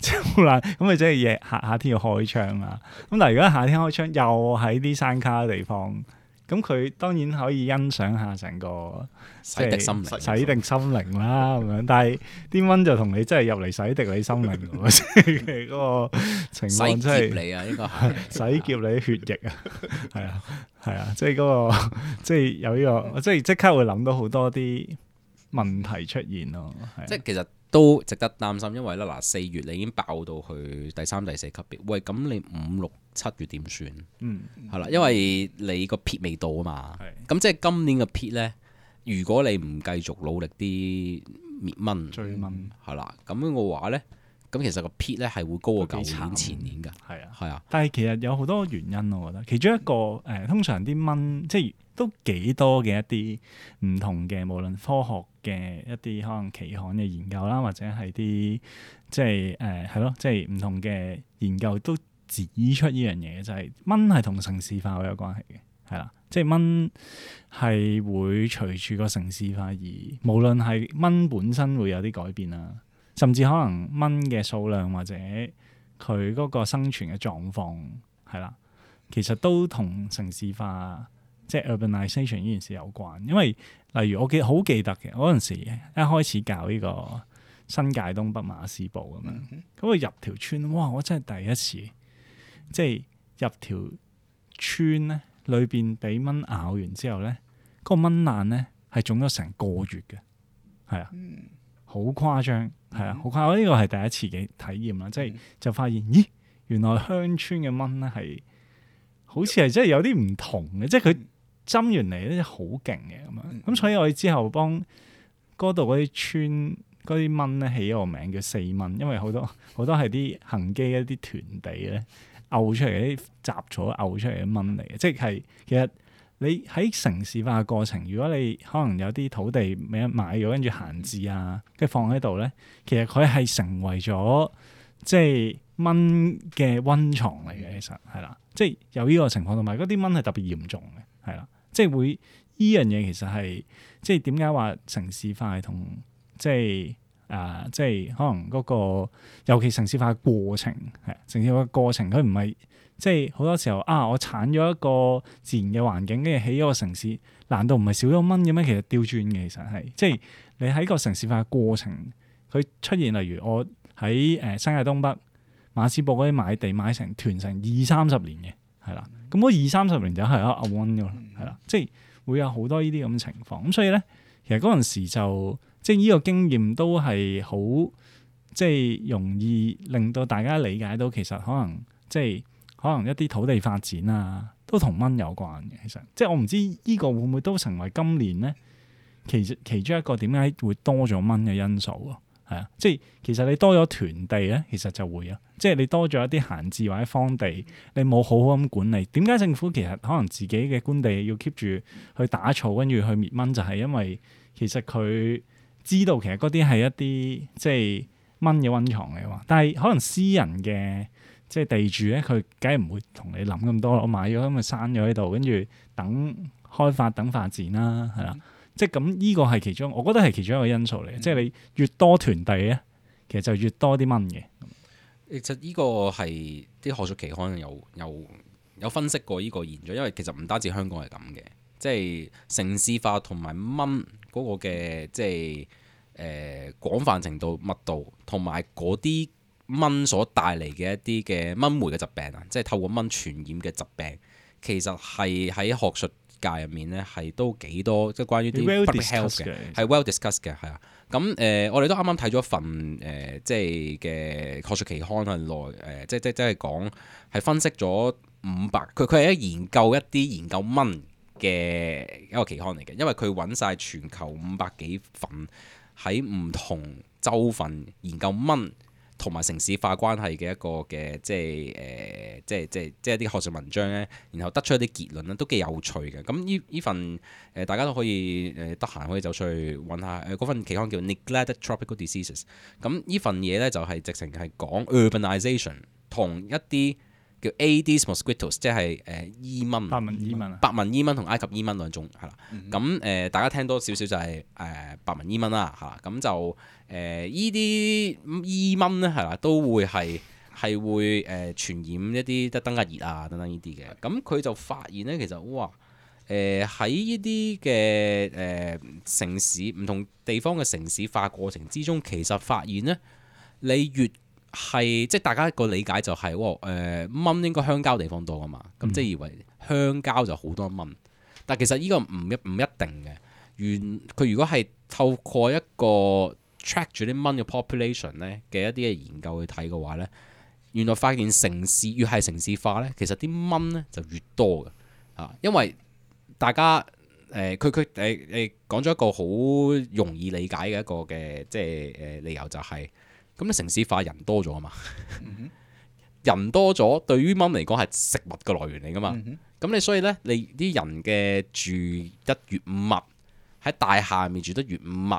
[SPEAKER 1] 即係冇冷，咁咪即係夜夏夏天要開窗啊！咁但係，如果夏天開窗，又喺啲山卡地方。咁佢當然可以欣賞下成個洗定心靈、啊、洗定心靈啦咁樣，但係啲蚊就同你真係入嚟洗掉你心靈，即係嗰個情況真係洗劫你啊，應、這、該、個、洗劫你血液 啊，係啊，係啊，即係嗰個即係有呢個，即係即刻會諗到好多啲問題出現咯，即係、 嗯就係、其實。都值得擔心，因為咧嗱，四
[SPEAKER 2] 月你已經爆到去第三、第四級別，喂，咁你五六七月點算？嗯，係啦的，因為你個撇未到啊嘛，係的，咁即係今年嘅撇咧，如果你唔繼續努力啲滅蚊，追蚊，係啦，咁樣嘅話咧，咁其實個撇咧係會高過舊年前年㗎，係啊，係啊。
[SPEAKER 1] 但係其實有好多原因我覺得，其中一個誒，通常啲蚊即係都幾多嘅一啲唔同嘅，無論科學，嘅一啲可能期刊嘅研究啦，或者係啲即係誒係咯，即係唔同嘅研究都指出呢樣嘢就係、是、蚊係同城市化會有關係嘅，係啦，即係蚊係會隨住個城市化而無論係蚊本身會有啲改變啊，甚至可能蚊嘅數量或者佢嗰個生存嘅狀況，係啦，其實都同城市化。即係 urbanization 呢件事有關，因為例如我記好記得嘅嗰陣時，一開始搞呢個新界東北馬屎埔咁樣，咁、mm hmm. 我入條村，哇！我真係第一次，mm hmm. 即係入條村咧，裏邊俾蚊咬完之後咧，個蚊爛咧係腫咗成個月嘅，係啊，好誇張，係、hmm. 啊，好誇張！我呢個係第一次嘅體驗啦，mm hmm. 即係就發現咦，原來鄉村嘅蚊咧係好似係真係有啲唔同嘅，即係佢。Hmm. 針完嚟呢咧好勁嘅咁啊！咁、嗯、所以我哋之後幫嗰度嗰啲村嗰啲蚊咧起咗個名叫四蚊，因為好多好多係啲恆基一啲團地咧漚出嚟啲雜草漚出嚟嘅蚊嚟嘅，即係、嗯就是、其實你喺城市化過程，如果你可能有啲土地未買咗，跟住閒置啊，跟住放喺度咧，其實佢係成為咗即係蚊嘅溫床嚟嘅。其實係啦，即係、就是、有呢個情況，同埋嗰啲蚊係特別嚴重嘅，係啦。即係會依樣嘢，其實係即係點解話城市化同即係誒、即係、呃、可能嗰、嗰個，尤其城市化過程，係城市化過程，佢唔係即係好多時候啊，我鏟咗一個自然嘅環境，跟住起咗個城市，難道唔係少咗蚊嘅咩？其實調轉嘅，其實係即係你喺個城市化過程，佢出現例如我喺誒、呃、新界東北馬屎埔嗰啲買地買成囤成二三十年嘅，係啦。咁我二三十年就係啦，阿蚊咯，係啦、啊，即係會有好多呢啲咁嘅情況。咁所以咧，其實嗰陣時就即係呢個經驗都係好即係容易令到大家理解到，其實可能即係可能一啲土地發展啊，都同蚊有關嘅。其實即係我唔知呢個會唔會都成為今年咧，其實其中一個點解會多咗蚊嘅因素啊？係啊，即係其實你多咗團地咧，其實就會啊，即係你多咗一啲閒置或者荒地，嗯、你冇好好咁管理。點解政府其實可能自己嘅官地要 keep 住去打草跟住去滅蚊，就係、是、因為其實佢知道其實嗰啲係一啲即係蚊嘅溫床嚟嘅嘛。但係可能私人嘅即係地主咧，佢梗係唔會同你諗咁多咯，我買咗咁咪閂咗喺度，跟住等開發等發展啦，係啦。嗯即係咁，呢個係其中，我覺得係其中一個因素嚟嘅。嗯、即係你越多團地咧，其實就越多啲蚊嘅。
[SPEAKER 2] 其實呢個係啲學術期刊有有有分析過呢個現象，因為其實唔單止香港係咁嘅，即係城市化同埋蚊嗰個嘅即係誒、呃、廣泛程度、密度同埋嗰啲蚊所帶嚟嘅一啲嘅蚊媒嘅疾病啊，即係透過蚊傳染嘅疾病，其實係喺學術界入面呢，係都幾多，即係關於啲特別 health 嘅，係 well discussed 嘅的，係啊的。咁誒、well 呃，我哋都啱啱睇咗份誒、呃，即係嘅《學術期刊》啊內誒，即即即係講係分析咗五百，佢佢係一研究一啲研究蚊嘅一個期刊嚟嘅，因為佢揾晒全球五百幾份喺唔同州份研究蚊。同埋城市化關係嘅一個嘅即係誒，即係、呃、即係即係一啲學術文章呢，然後得出一啲結論咧，都幾有趣嘅。咁呢依份、呃、大家都可以得閒、呃、可以就出去揾下嗰、呃、份期刊叫 Neglected Tropical Diseases。咁呢份嘢呢，就係、是、直情係講 urbanization 同一啲。叫 Aedes、呃、e man, s mosquitoes，即係誒伊蚊，白紋伊蚊啊、e，白紋伊蚊同埃及伊蚊兩種，係啦。咁誒、嗯哼呃、大家聽多少少就係、是、誒、呃、白紋伊蚊啦嚇。咁就誒依啲伊蚊咧係啦，都會係係會誒傳、呃、染一啲得登革熱啊、等等呢啲嘅。咁佢的就發現咧，其實哇誒喺呢啲嘅誒城市唔同地方嘅城市化過程之中，其實發現咧你越係即係大家個理解就係、是，誒、哦呃、蚊應該鄉郊地方多啊嘛，咁、嗯、即係以為鄉郊就好多蚊，但其實呢個唔一唔一定嘅。原佢、嗯、如果係透過一個 track 住啲蚊嘅 population 咧嘅一啲嘅研究去睇嘅話咧，原來發現城市越係城市化咧，其實啲蚊咧就越多嘅啊，因為大家誒佢佢誒誒講咗一個好容易理解嘅一個嘅即係誒理由就係、是。咁你城市化人多咗啊嘛， 人多咗，對於蚊嚟講係食物嘅來源嚟噶嘛，咁 你所以呢，你啲人嘅住得越密，喺大廈面住得越密，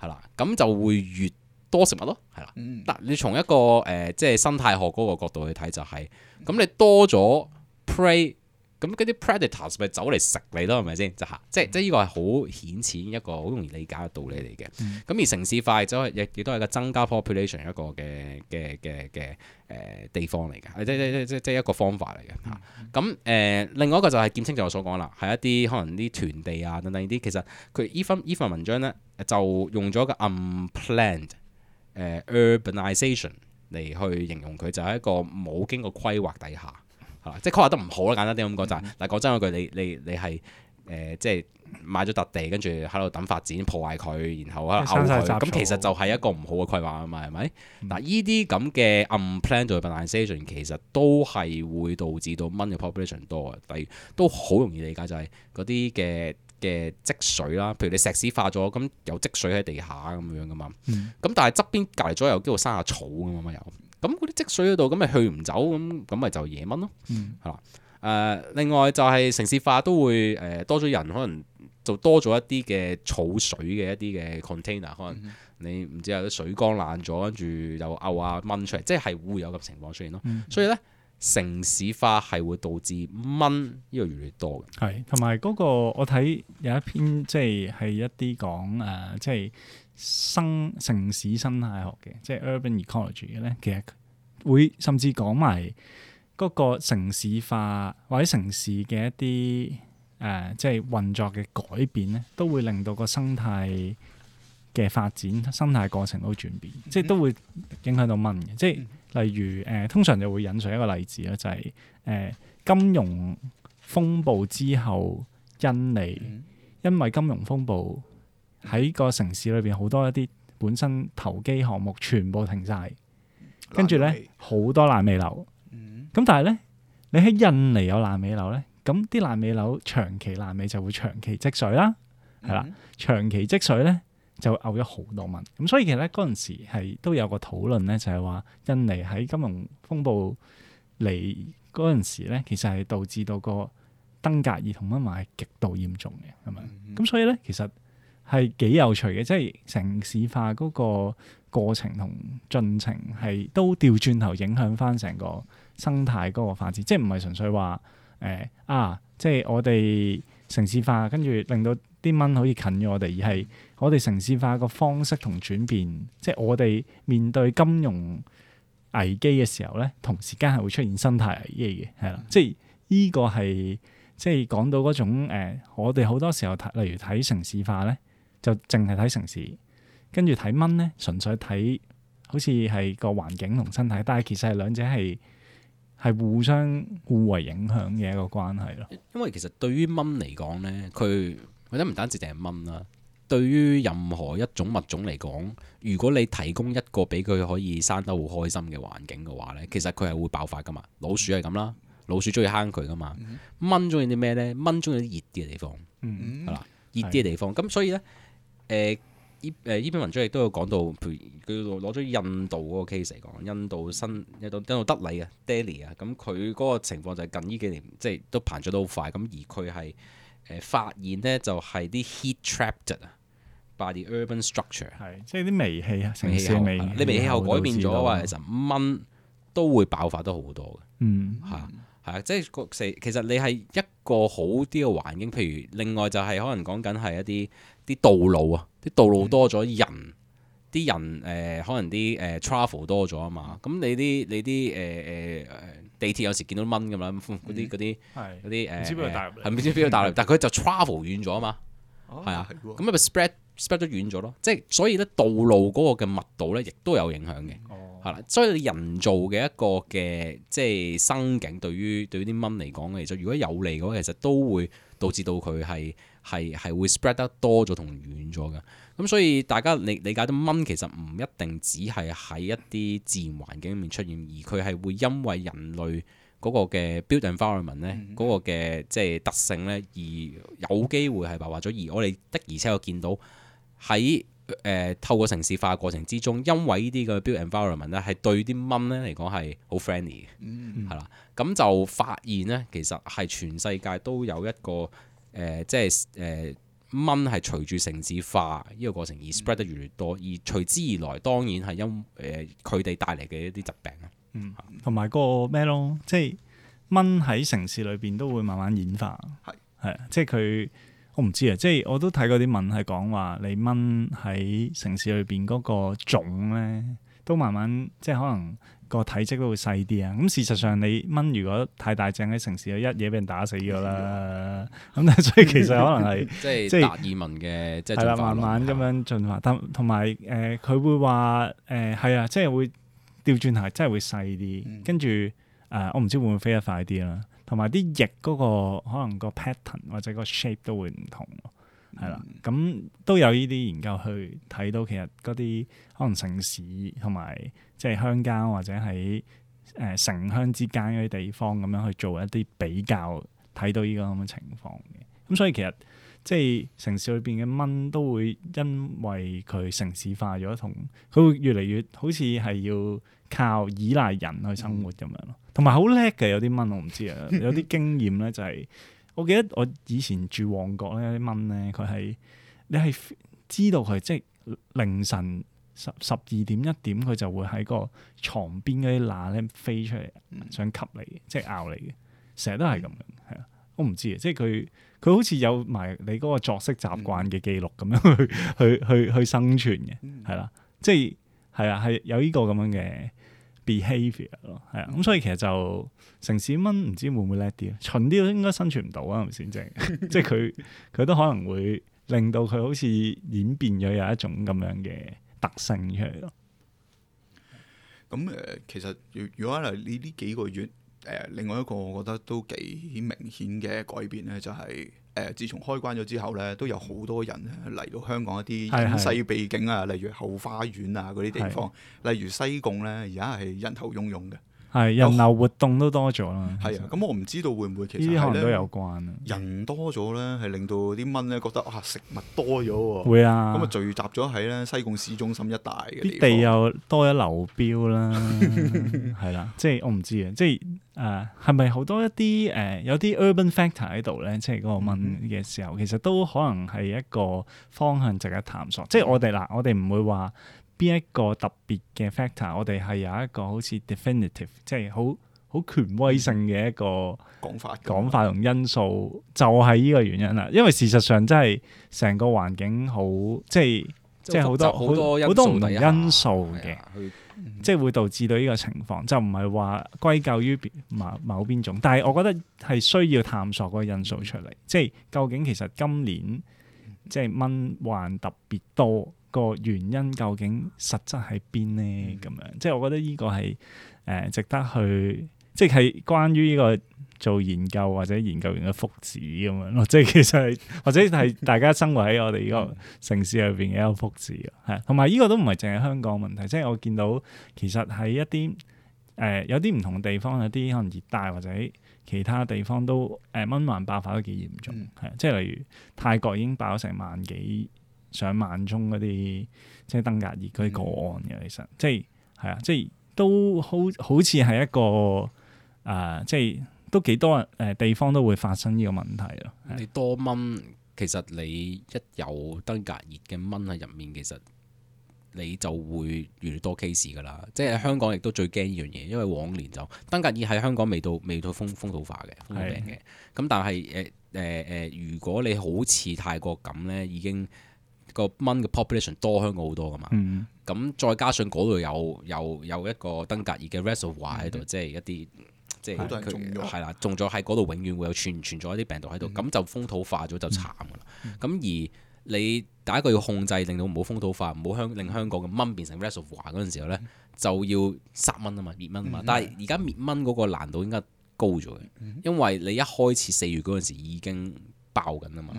[SPEAKER 2] 係啦，咁就會越多食物咯，係啦。嗱、嗯，你從一個誒、呃、即係生態學嗰個角度去睇就係、是，咁你多咗 prey。咁嗰啲 predators 咪走嚟食你咯，係咪先？就嚇、是，即係即係呢個係好顯淺一個好容易理解嘅道理嚟嘅。咁、嗯、而城市化、就是、亦都係一個增加 population 一個嘅嘅嘅嘅誒地方嚟嘅，即即即即即一個方法嚟嘅嚇。咁誒、嗯呃，另外一個就係劍清就我所講啦，係一啲可能啲團地啊等等呢啲，其實佢呢份呢份文章咧就用咗個 unplanned 誒 urbanization 嚟去形容佢，就係、是、一個冇經過規劃底下。即係規劃得唔好啦，簡單啲咁講就係，嗱講真嗰句，你你你係誒、呃，即係買咗笪地，跟住喺度等發展破壞佢，然後喺度咁，其實就係一個唔好嘅規劃啊嘛，係咪？嗱、嗯，呢啲咁嘅 unplanned urbanisation 其實都係會導致到蚊嘅 population 多啊，例如都好容易理解就係嗰啲嘅嘅積水啦，譬如你石屎化咗，咁有積水喺地下咁樣噶嘛，咁但係側邊隔離咗右，機度生下草咁啊嘛又。咁嗰啲積水喺度，咁咪去唔走，咁咁咪就野蚊咯，係啦。誒，另外就係城市化都會誒多咗人，可能就多咗一啲嘅儲水嘅一啲嘅 container，、嗯、可能你唔知有啲水缸爛咗，跟住又嘔啊蚊出嚟，即係會有咁情況出現咯。嗯、所以咧，城市化係會導致蚊呢、呢個越嚟越多嘅。
[SPEAKER 1] 係，同埋嗰個我睇有一篇，即係係一啲講誒，即、啊、係。就是生城市生態學嘅，即係 urban ecology 嘅咧，其實會甚至講埋嗰個城市化或者城市嘅一啲誒、呃，即係運作嘅改變咧，都會令到個生態嘅發展、生態過程都轉變，即係都會影響到問嘅。即係例如誒、呃，通常就會引述一個例子啦，就係、是、誒、呃、金融風暴之後，印尼因為金融風暴。喺個城市裏邊好多一啲本身投機項目全部停晒。跟住咧好多爛尾樓。咁但係咧，你喺印尼有爛尾樓咧，咁啲爛尾樓長期爛尾就會長期積水啦，係啦、嗯，長期積水咧就嘔咗好多蚊。咁所以其實咧嗰陣時係都有個討論咧，就係話印尼喺金融風暴嚟嗰陣時咧，其實係導致到個登革熱同蚊患極度嚴重嘅，係咪？咁、嗯嗯、所以咧其實。係幾有趣嘅，即係城市化嗰個過程同進程係都調轉頭影響翻成個生態嗰個發展，即係唔係純粹話誒、呃、啊！即係我哋城市化跟住令到啲蚊可以近咗我哋，而係我哋城市化個方式同轉變，即係我哋面對金融危機嘅時候咧，同時間係會出現生態危機嘅，係啦、嗯。即係呢個係即係講到嗰種、呃、我哋好多時候睇例如睇城市化咧。就淨係睇城市，跟住睇蚊咧，純粹睇好似係個環境同身體，但係其實係兩者係係互相互為影響嘅一個關係咯。
[SPEAKER 2] 因為其實對於蚊嚟講咧，佢或者唔單止淨係蚊啦，對於任何一種物種嚟講，如果你提供一個俾佢可以生得好開心嘅環境嘅話咧，其實佢係會爆發噶嘛。老鼠係咁啦，老鼠中意慳佢噶嘛，嗯、蚊中意啲咩咧？蚊中意啲熱啲嘅地方，係啦，熱啲嘅地方。咁所以咧。誒依誒依篇文章亦都有講到，譬如佢攞咗印度嗰個 case 嚟講，印度新印度印度德里啊 Delhi 啊，咁佢嗰個情況就係近呢幾年即係都膨脹得好快。咁而佢係誒發現呢，就係啲 heat trapped 啊，by the urban structure，係
[SPEAKER 1] 即係啲微氣啊，氣候，你微氣候改變咗啊，其實
[SPEAKER 2] 蚊都會爆發得好多嘅，嗯，係係是啊，即係個其實你係一個好啲嘅環境，譬如另外就係可能講緊係一啲。啲道路啊，啲道路多咗人，啲人誒可能啲誒 travel 多咗啊嘛，咁你啲你啲誒誒誒地鐵有時見到蚊咁啦，嗰啲嗰啲啲誒唔知邊度帶入嚟，唔知邊度帶入嚟，但係佢就 travel 遠咗啊嘛，係啊，咁咪 spread spread 得遠咗咯，即係所以咧道路嗰個嘅密度咧，亦都有影響嘅。係啦，所以人造嘅一個嘅即係生境，對於對於啲蚊嚟講，其實如果有利嘅話，其實都會導致到佢係係係會 spread 得多咗同遠咗嘅。咁所以大家理理解到，蚊其實唔一定只係喺一啲自然環境裡面出現，而佢係會因為人類嗰個嘅 built environment 咧嗰、嗯、個嘅即係特性咧，而有機會係白話咗。而我哋的而且確見到喺。誒透過城市化過程之中，因為呢啲嘅 build environment 咧，係對啲蚊咧嚟講係好 friendly 嘅，係啦。咁就發現咧，其實係全世界都有一個誒、呃，即係誒、呃、蚊係隨住城市化呢個過程而 spread 得越嚟越多，嗯、而隨之而來當然係因誒佢哋帶嚟嘅一啲
[SPEAKER 1] 疾病啦。嗯，同埋的個咩咯？即係蚊喺城市裏邊都會慢慢演化，係係的，即係佢。的我唔知啊，即係我都睇過啲文係講話你蚊喺城市裏邊嗰個種咧，都慢慢即係可能個體積都會細啲啊。咁事實上你蚊如果太大隻喺城市，就一嘢俾人打死咗啦。咁但 所以其實可能係、 就是、即係對即係達爾文嘅，即係慢慢咁樣進化。但同埋誒，佢、呃、會話誒係啊，即係會調轉係真係會細啲，跟住誒我唔知會唔會飛得快啲啦。同埋啲翼嗰、那個可能個 pattern 或者個 shape 都會唔同，係啦、嗯，咁都有呢啲研究去睇到其實嗰啲可能城市同埋即係鄉郊或者喺誒、呃、城鄉之間嗰啲地方咁樣去做一啲比較，睇到依個咁嘅情況。咁所以其實即係、就是、城市裏邊嘅蚊都會因為佢城市化咗，同佢會越嚟越好似係要靠依賴人去生活咁樣咯。同埋好叻嘅有啲蚊，我唔知啊。有啲經驗咧、就是，就係 我記得我以前住旺角咧，有啲蚊咧佢係你係知道佢即係凌晨十十二點一點，佢就會喺個床邊嗰啲罅咧飛出嚟，想吸你，即係咬你嘅。成日都係咁樣，係啊、嗯，我唔知啊，即係佢。佢好似有埋你嗰個作息習慣嘅記錄咁樣去、嗯、去去去生存嘅，係啦，即係係啊，係有呢個咁樣嘅 behaviour 咯，係啊，咁所以其實就城市蚊唔知會唔會叻啲，蠢啲都應該生存唔到啊，係咪先？吧即係即係佢佢都可能會令到佢好似演變咗有一種咁樣嘅特性出
[SPEAKER 3] 嚟咯。咁誒、 嗯呃，其實如果係你呢幾個月。誒另外一個我覺得都幾明顯嘅改變咧、就是，就係誒自從開關咗之後咧，都有好多人嚟到香港一啲西秘境啊，是是例如後花園啊嗰啲地方，是是例如西貢咧，而家係人頭湧湧嘅。
[SPEAKER 1] 係人流活動都多咗啦。係
[SPEAKER 3] 啊，咁我唔知道會唔會其實咧，可能都有關。人多咗咧，係令到啲蚊咧覺得啊食物多咗喎。會啊，咁啊聚集咗喺咧西貢市中心一帶嘅。啲
[SPEAKER 1] 地又多咗樓標啦，係啦， 即係我唔知啊，即係誒係咪
[SPEAKER 3] 好多一啲誒、呃、有啲 urban
[SPEAKER 1] factor 喺度咧，即係嗰個蚊嘅時候，嗯、其實都可能係一個方向值得探索。即係我哋嗱，我哋唔會話。呢一個特別嘅 factor，我哋係有一個好似 definitive，即係好好權威性嘅一個講法講法同因素，嗯嗯嗯、就係呢個原因啦。因為事實上真係成個環境好，即係即係好多好多好多唔同因素嘅，啊啊嗯、即係會導致到呢個情況。就唔係話歸咎於某某邊種，但係我覺得係需要探索個因素出嚟，嗯、即係究竟其實今年即係蚊患特別多。個原因究竟實質喺邊呢？咁樣、嗯、即係我覺得呢個係誒、呃、值得去，即係關於呢個做研究或者研究員嘅福祉咁樣咯。即係其實係或者係大家生活喺我哋呢個城市入邊嘅一個福祉嘅，係同埋呢個都唔係淨係香港問題。即係我見到其實喺一啲誒、呃、有啲唔同地方，有啲可能熱帶或者其他地方都誒、呃、蚊患爆發都幾嚴重，係、嗯、即係例如泰國已經爆咗成萬幾。上萬宗嗰啲即係登革熱嗰啲個案嘅，其實、嗯、即係係啊，即係都好好似係一個啊、呃，即係都幾多人誒地方都會發生呢個問題咯。
[SPEAKER 2] 你多蚊，其實你一有登革熱嘅蚊喺入面，其實你就會越嚟越多 case 㗎啦。
[SPEAKER 1] 即係香港亦都最
[SPEAKER 2] 驚呢樣嘢，因為往年就登革熱喺香港未到未到風風土化嘅風土病嘅，咁的但係誒誒誒，如果你好似泰國咁咧，已經個蚊嘅 population 多香港好多噶嘛，咁再加上嗰度有有有一個登革熱嘅 reservoir 喺度，即係一啲即係佢係啦，重在喺嗰度永遠會有存存在一啲病毒喺度，咁就風土化咗就慘噶啦。咁而你第一個要控制，令到唔好風土化，唔好香令香港嘅蚊變成 reservoir 嗰陣時候咧，就要殺蚊啊嘛，滅蚊啊嘛。但係而家滅蚊嗰個難度應該高咗嘅，因為你一開始四月嗰陣時已經爆緊啊嘛。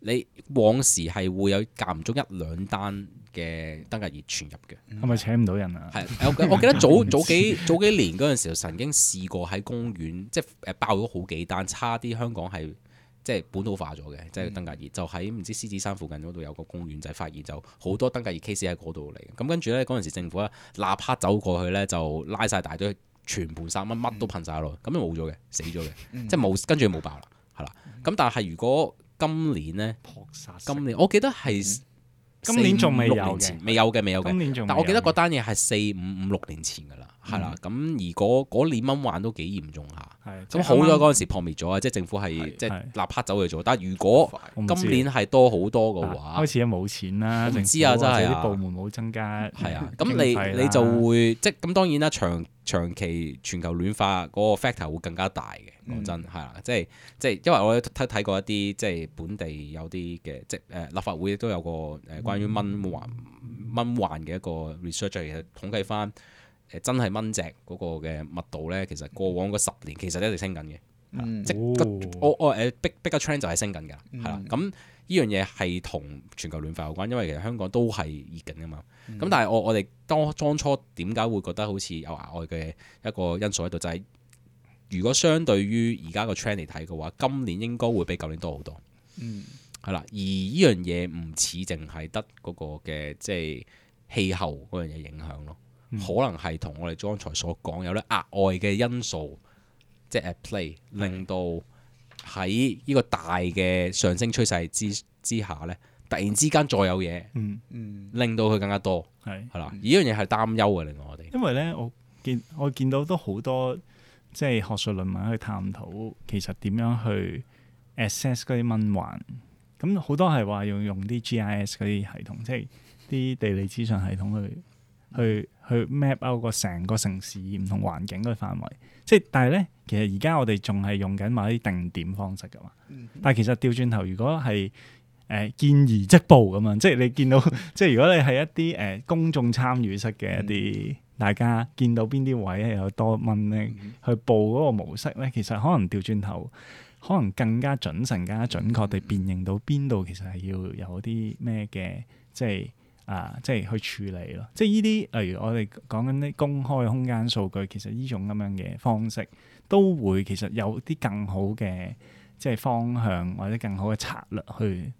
[SPEAKER 2] 你往時係會有間唔中一兩單嘅登革熱傳入
[SPEAKER 1] 嘅，係咪請唔到人啊？係，我記得早 早幾
[SPEAKER 2] 早幾年嗰陣時曾經試過喺公園，即係爆咗好幾單，差啲香港係即係本土化咗嘅，即係登革熱，就喺唔知獅子山附近嗰度有個公園仔，發現就好多登革熱 case 喺嗰度嚟。咁跟住咧，嗰陣時政府咧，立刻走過去咧就拉晒大堆，全盤殺蚊，乜都噴晒落，咁就冇咗嘅，死咗嘅，即係冇跟住冇爆啦，係啦。咁但係如果今年呢，今年我記得係、嗯，4, 5, 年今年仲未有未有嘅，未有嘅。但我記得嗰單嘢係四五五六年前㗎啦。係啦，咁、
[SPEAKER 1] 嗯、而嗰嗰
[SPEAKER 2] 啲蚊患都幾嚴重下，咁好、就是、多嗰陣時撲滅咗啊！即係政府係即係立刻走去做，是但係如果今年係多好多嘅話、
[SPEAKER 1] 啊，開始冇錢啦，我唔知府啊，真係啲部門冇增加，係啊，咁你你就會
[SPEAKER 2] 即係咁當然啦，長長期全球暖化嗰個 factor 會更加大嘅，講真係啦，即係即係因為我睇睇過一啲即係本地有啲嘅即係立法會都有個誒關於蚊患蚊患嘅一個 research，其實統計翻。真係蚊隻嗰個嘅密度呢，其實過往嗰十年其實一直升緊嘅，嗯、即噢我我逼逼個 trend 就係升緊㗎，係啦、嗯。咁呢樣嘢係同全球暖化有關，因為其實香港都係熱緊啊嘛。咁、嗯、但係我我哋當初點解會覺得好似有額外嘅一個因素喺度，就係、是、如果相對於而家個 trend 嚟睇嘅話，今年應該會比舊年多好多。嗯，係啦。而呢樣嘢唔似淨係得嗰個嘅即係氣候嗰樣嘢影響咯。嗯、可能係同我哋剛才所講，有啲額外嘅因素，即、就、係、是、at play 令到喺呢個大嘅上升趨勢之之下呢，突然之間再有嘢，嗯嗯，令到佢更加多係係啦。呢樣嘢係擔憂嘅，令我
[SPEAKER 1] 哋。嗯、因為呢，我見我見到都好多即係學術論文去探討，其實點樣去 assess 嗰啲蚊患，咁好多係話要用啲 GIS 嗰啲系統，即係啲地理資訊系統去。去去 map out 個成個城市唔同環境嘅個範圍，即係但係咧，其實而家我哋仲係用緊某啲定點方式㗎嘛。嗯、哼但係其實掉轉頭，如果係誒見而即報咁啊，即係你見到即係如果你係一啲誒、呃、公眾參與式嘅一啲，嗯、哼大家見到邊啲位有多蚊咧，嗯、哼去報嗰個模式咧，其實可能掉轉頭，可能更加準神、更加準確地辨認到邊度其實係要有啲咩嘅，即係。啊，即係去處理咯，即係呢啲，例如我哋講緊啲公開空間數據，其實呢種咁樣嘅方式都會其實有啲更好嘅即係方向或者更好嘅策略去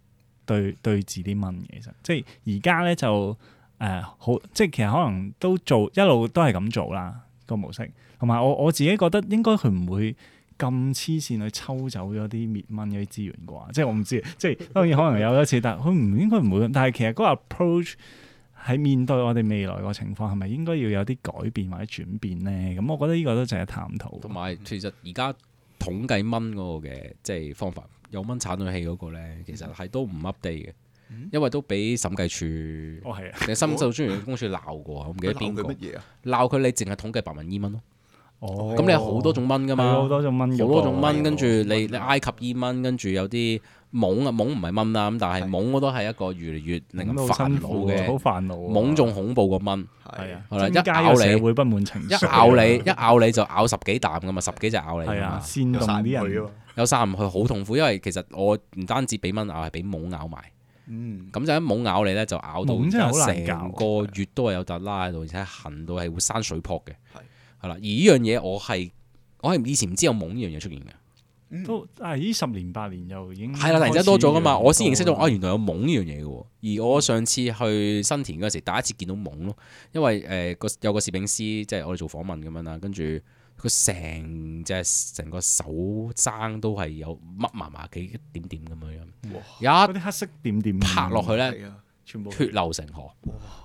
[SPEAKER 1] 對對治啲蚊，其實即係而家咧就誒、呃、好，即係其實可能都做一路都係咁做啦、個模式，同埋我我自己覺得應該佢唔會。咁黐線去抽走咗啲滅蚊嗰啲資源啩？即係我唔知，即係當然可能有一次，但係佢唔應該唔會。但係其實嗰個 approach 喺面對我哋未來個情況，係咪應該要有啲改變或者轉變咧？咁、嗯、我覺得呢個都淨係探討。同埋其實而家統計蚊嗰個嘅即
[SPEAKER 2] 係方法，誘蚊產卵器嗰個咧，其實係都唔 update 嘅，因為都俾審計處，哦係啊，申訴專員公署鬧過，唔、哦、記得邊個鬧佢，他他你淨係統計白紋伊蚊咯。咁你有好多種蚊㗎嘛？好多種蚊，好多種蚊，跟住你你埃及伊蚊，跟住有啲蠓啊，蠓唔係蚊啦，咁但係蠓我都係一個越嚟越令人煩惱嘅，好煩惱，蠓仲恐怖過蚊，係啊，係啦，一咬你會不滿情緒，一咬你，一咬你就咬十幾啖㗎嘛，十幾隻咬你，係啊，煽有三唔去好痛苦，因為其實我唔單止俾蚊咬，係俾蠓咬埋，嗯，咁就一蠓咬你咧就咬到成個月都係有突拉喺度，而且痕到係會生水泡嘅。係啦，而呢樣嘢我係我係以前唔知有蠓呢樣嘢出現嘅，
[SPEAKER 1] 都係呢十年八年又已經係啦，突然間多咗噶嘛，我先認識到哦、
[SPEAKER 2] 啊、原來有蠓呢樣嘢嘅，而我上次去新田嗰時第一次見到蠓咯，因為誒個、呃、有個攝影師即係、就是、我哋做訪問咁樣啦，跟住佢成隻成個手踭都係有乜麻麻幾點點咁樣樣，哇有啲黑色點點拍落去咧，全部血流成河，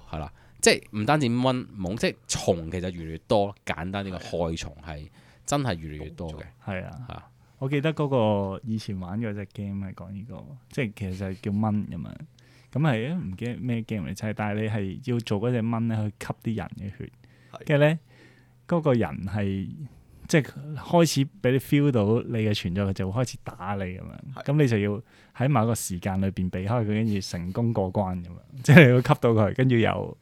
[SPEAKER 2] 係啦。即係唔單止蚊，冇即係蟲，其實越嚟越多，簡單啲個害蟲係真係越嚟越多嘅。
[SPEAKER 1] 係啊，我記得嗰個以前玩咗隻 game 係講呢個，即係其實係叫蚊咁樣。咁係啊，唔記得咩 game 嚟？但係你係要做嗰隻蚊咧，去吸啲人嘅血。跟住咧，嗰、那個人係即係開始俾你 feel 到你嘅存在，就會開始打你咁樣。咁的你就要喺某個時間裏邊避開佢，跟住成功過關咁樣。即係你要吸到佢，跟住又。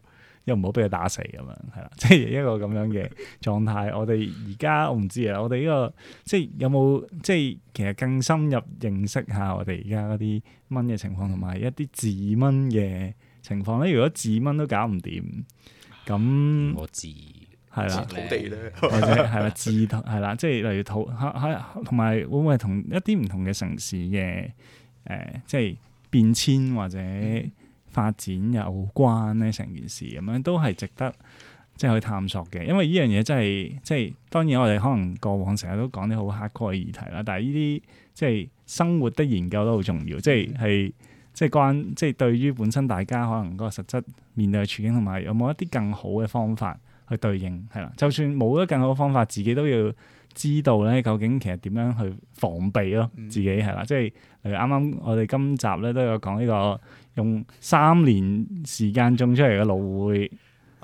[SPEAKER 1] 又唔好俾佢打死咁樣，係啦，即係一個咁樣嘅狀態。我哋而家我唔知啊，我哋呢個即係有冇即係其實更深入認識下我哋而家嗰啲蚊嘅情況，同埋一啲治蚊嘅情況咧。如果治蚊都搞唔掂，咁我治係啦，的土地
[SPEAKER 3] 咧或者係
[SPEAKER 1] 啦治土係啦，即係例如土喺同埋會唔會同一啲唔同嘅城市嘅誒、呃，即係變遷或者。發展有關咧，成件事咁樣都係值得即係、就是、去探索嘅，因為呢樣嘢真係即係當然，我哋可能過往成日都講啲好黑科嘅議題啦，但係呢啲即係生活的研究都好重要，即係係即係關即係對於本身大家可能嗰個實質面對嘅處境同埋有冇一啲更好嘅方法去對應係啦，就算冇一更好嘅方法，自己都要。知道咧，究竟其實點樣去防備咯？自己係啦，即係啱啱我哋今集咧都有講呢個用三年時間種出嚟嘅蘆薈，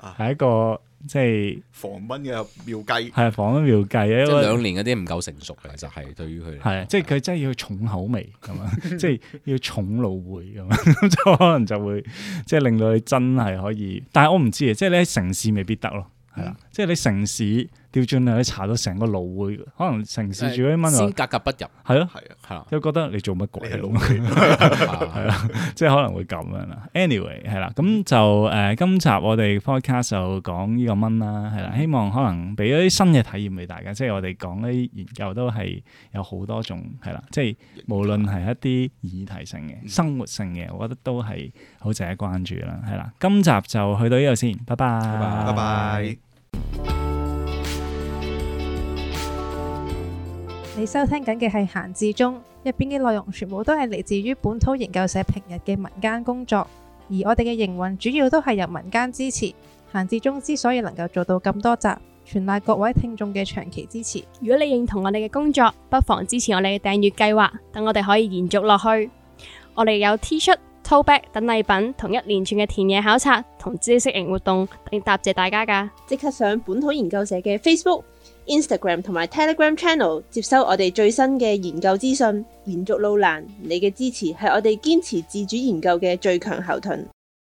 [SPEAKER 1] 係、啊、一個即係、就是、
[SPEAKER 3] 防蚊嘅妙
[SPEAKER 2] 計。係啊，
[SPEAKER 1] 防蚊妙計啊！因為即係兩
[SPEAKER 2] 年嗰啲唔夠成熟嘅就係、是、對於佢係啊，
[SPEAKER 1] 即係佢真係要重口味咁啊！即係 要重蘆薈咁啊， 就可能就會即係令到佢真係可以，但係我唔知啊！即、就、係、是、你喺城市未必得咯，係啊。即係你城市掉轉嚟，你查到成個腦會，可能城市住嗰啲蚊先格格不入。係咯，係啊，係啦、啊，就覺得你做乜鬼？係咯，即係可能會咁樣啦。Anyway，係啦、啊，咁就誒、呃，今集我哋 podcast 就講呢個蚊啦，係啦、啊，希望可能俾咗啲新嘅體驗俾大家。即、就、係、是、我哋講呢啲研究都係有好多種，係啦、啊，即、就、係、是、無論係一啲議題性嘅、生活性嘅，我覺得都係好值得關注啦。係啦、啊，今集就去到呢度先，拜拜，拜拜。拜拜
[SPEAKER 3] 你收聽緊嘅係閒置中，入邊嘅內容全部都係嚟自於本土研究社平日嘅民間工作，而我哋嘅營運主要都係由民間支持。閒置中之所以能夠做到咁多集，全賴各位聽眾嘅長期支持。如果你認同我哋嘅工作，不妨支持我哋嘅訂閱計劃，等我哋可以延續落去。我哋有 T 恤。抽 back 等禮品同一連串嘅田野考察同知識型活動，嚟答謝大家噶！即刻上本土研究社嘅 Facebook、Instagram 同埋 Telegram Channel 接收我哋最新嘅研究資訊。連續路難，你嘅支持係我哋堅持自主研究嘅最強後盾。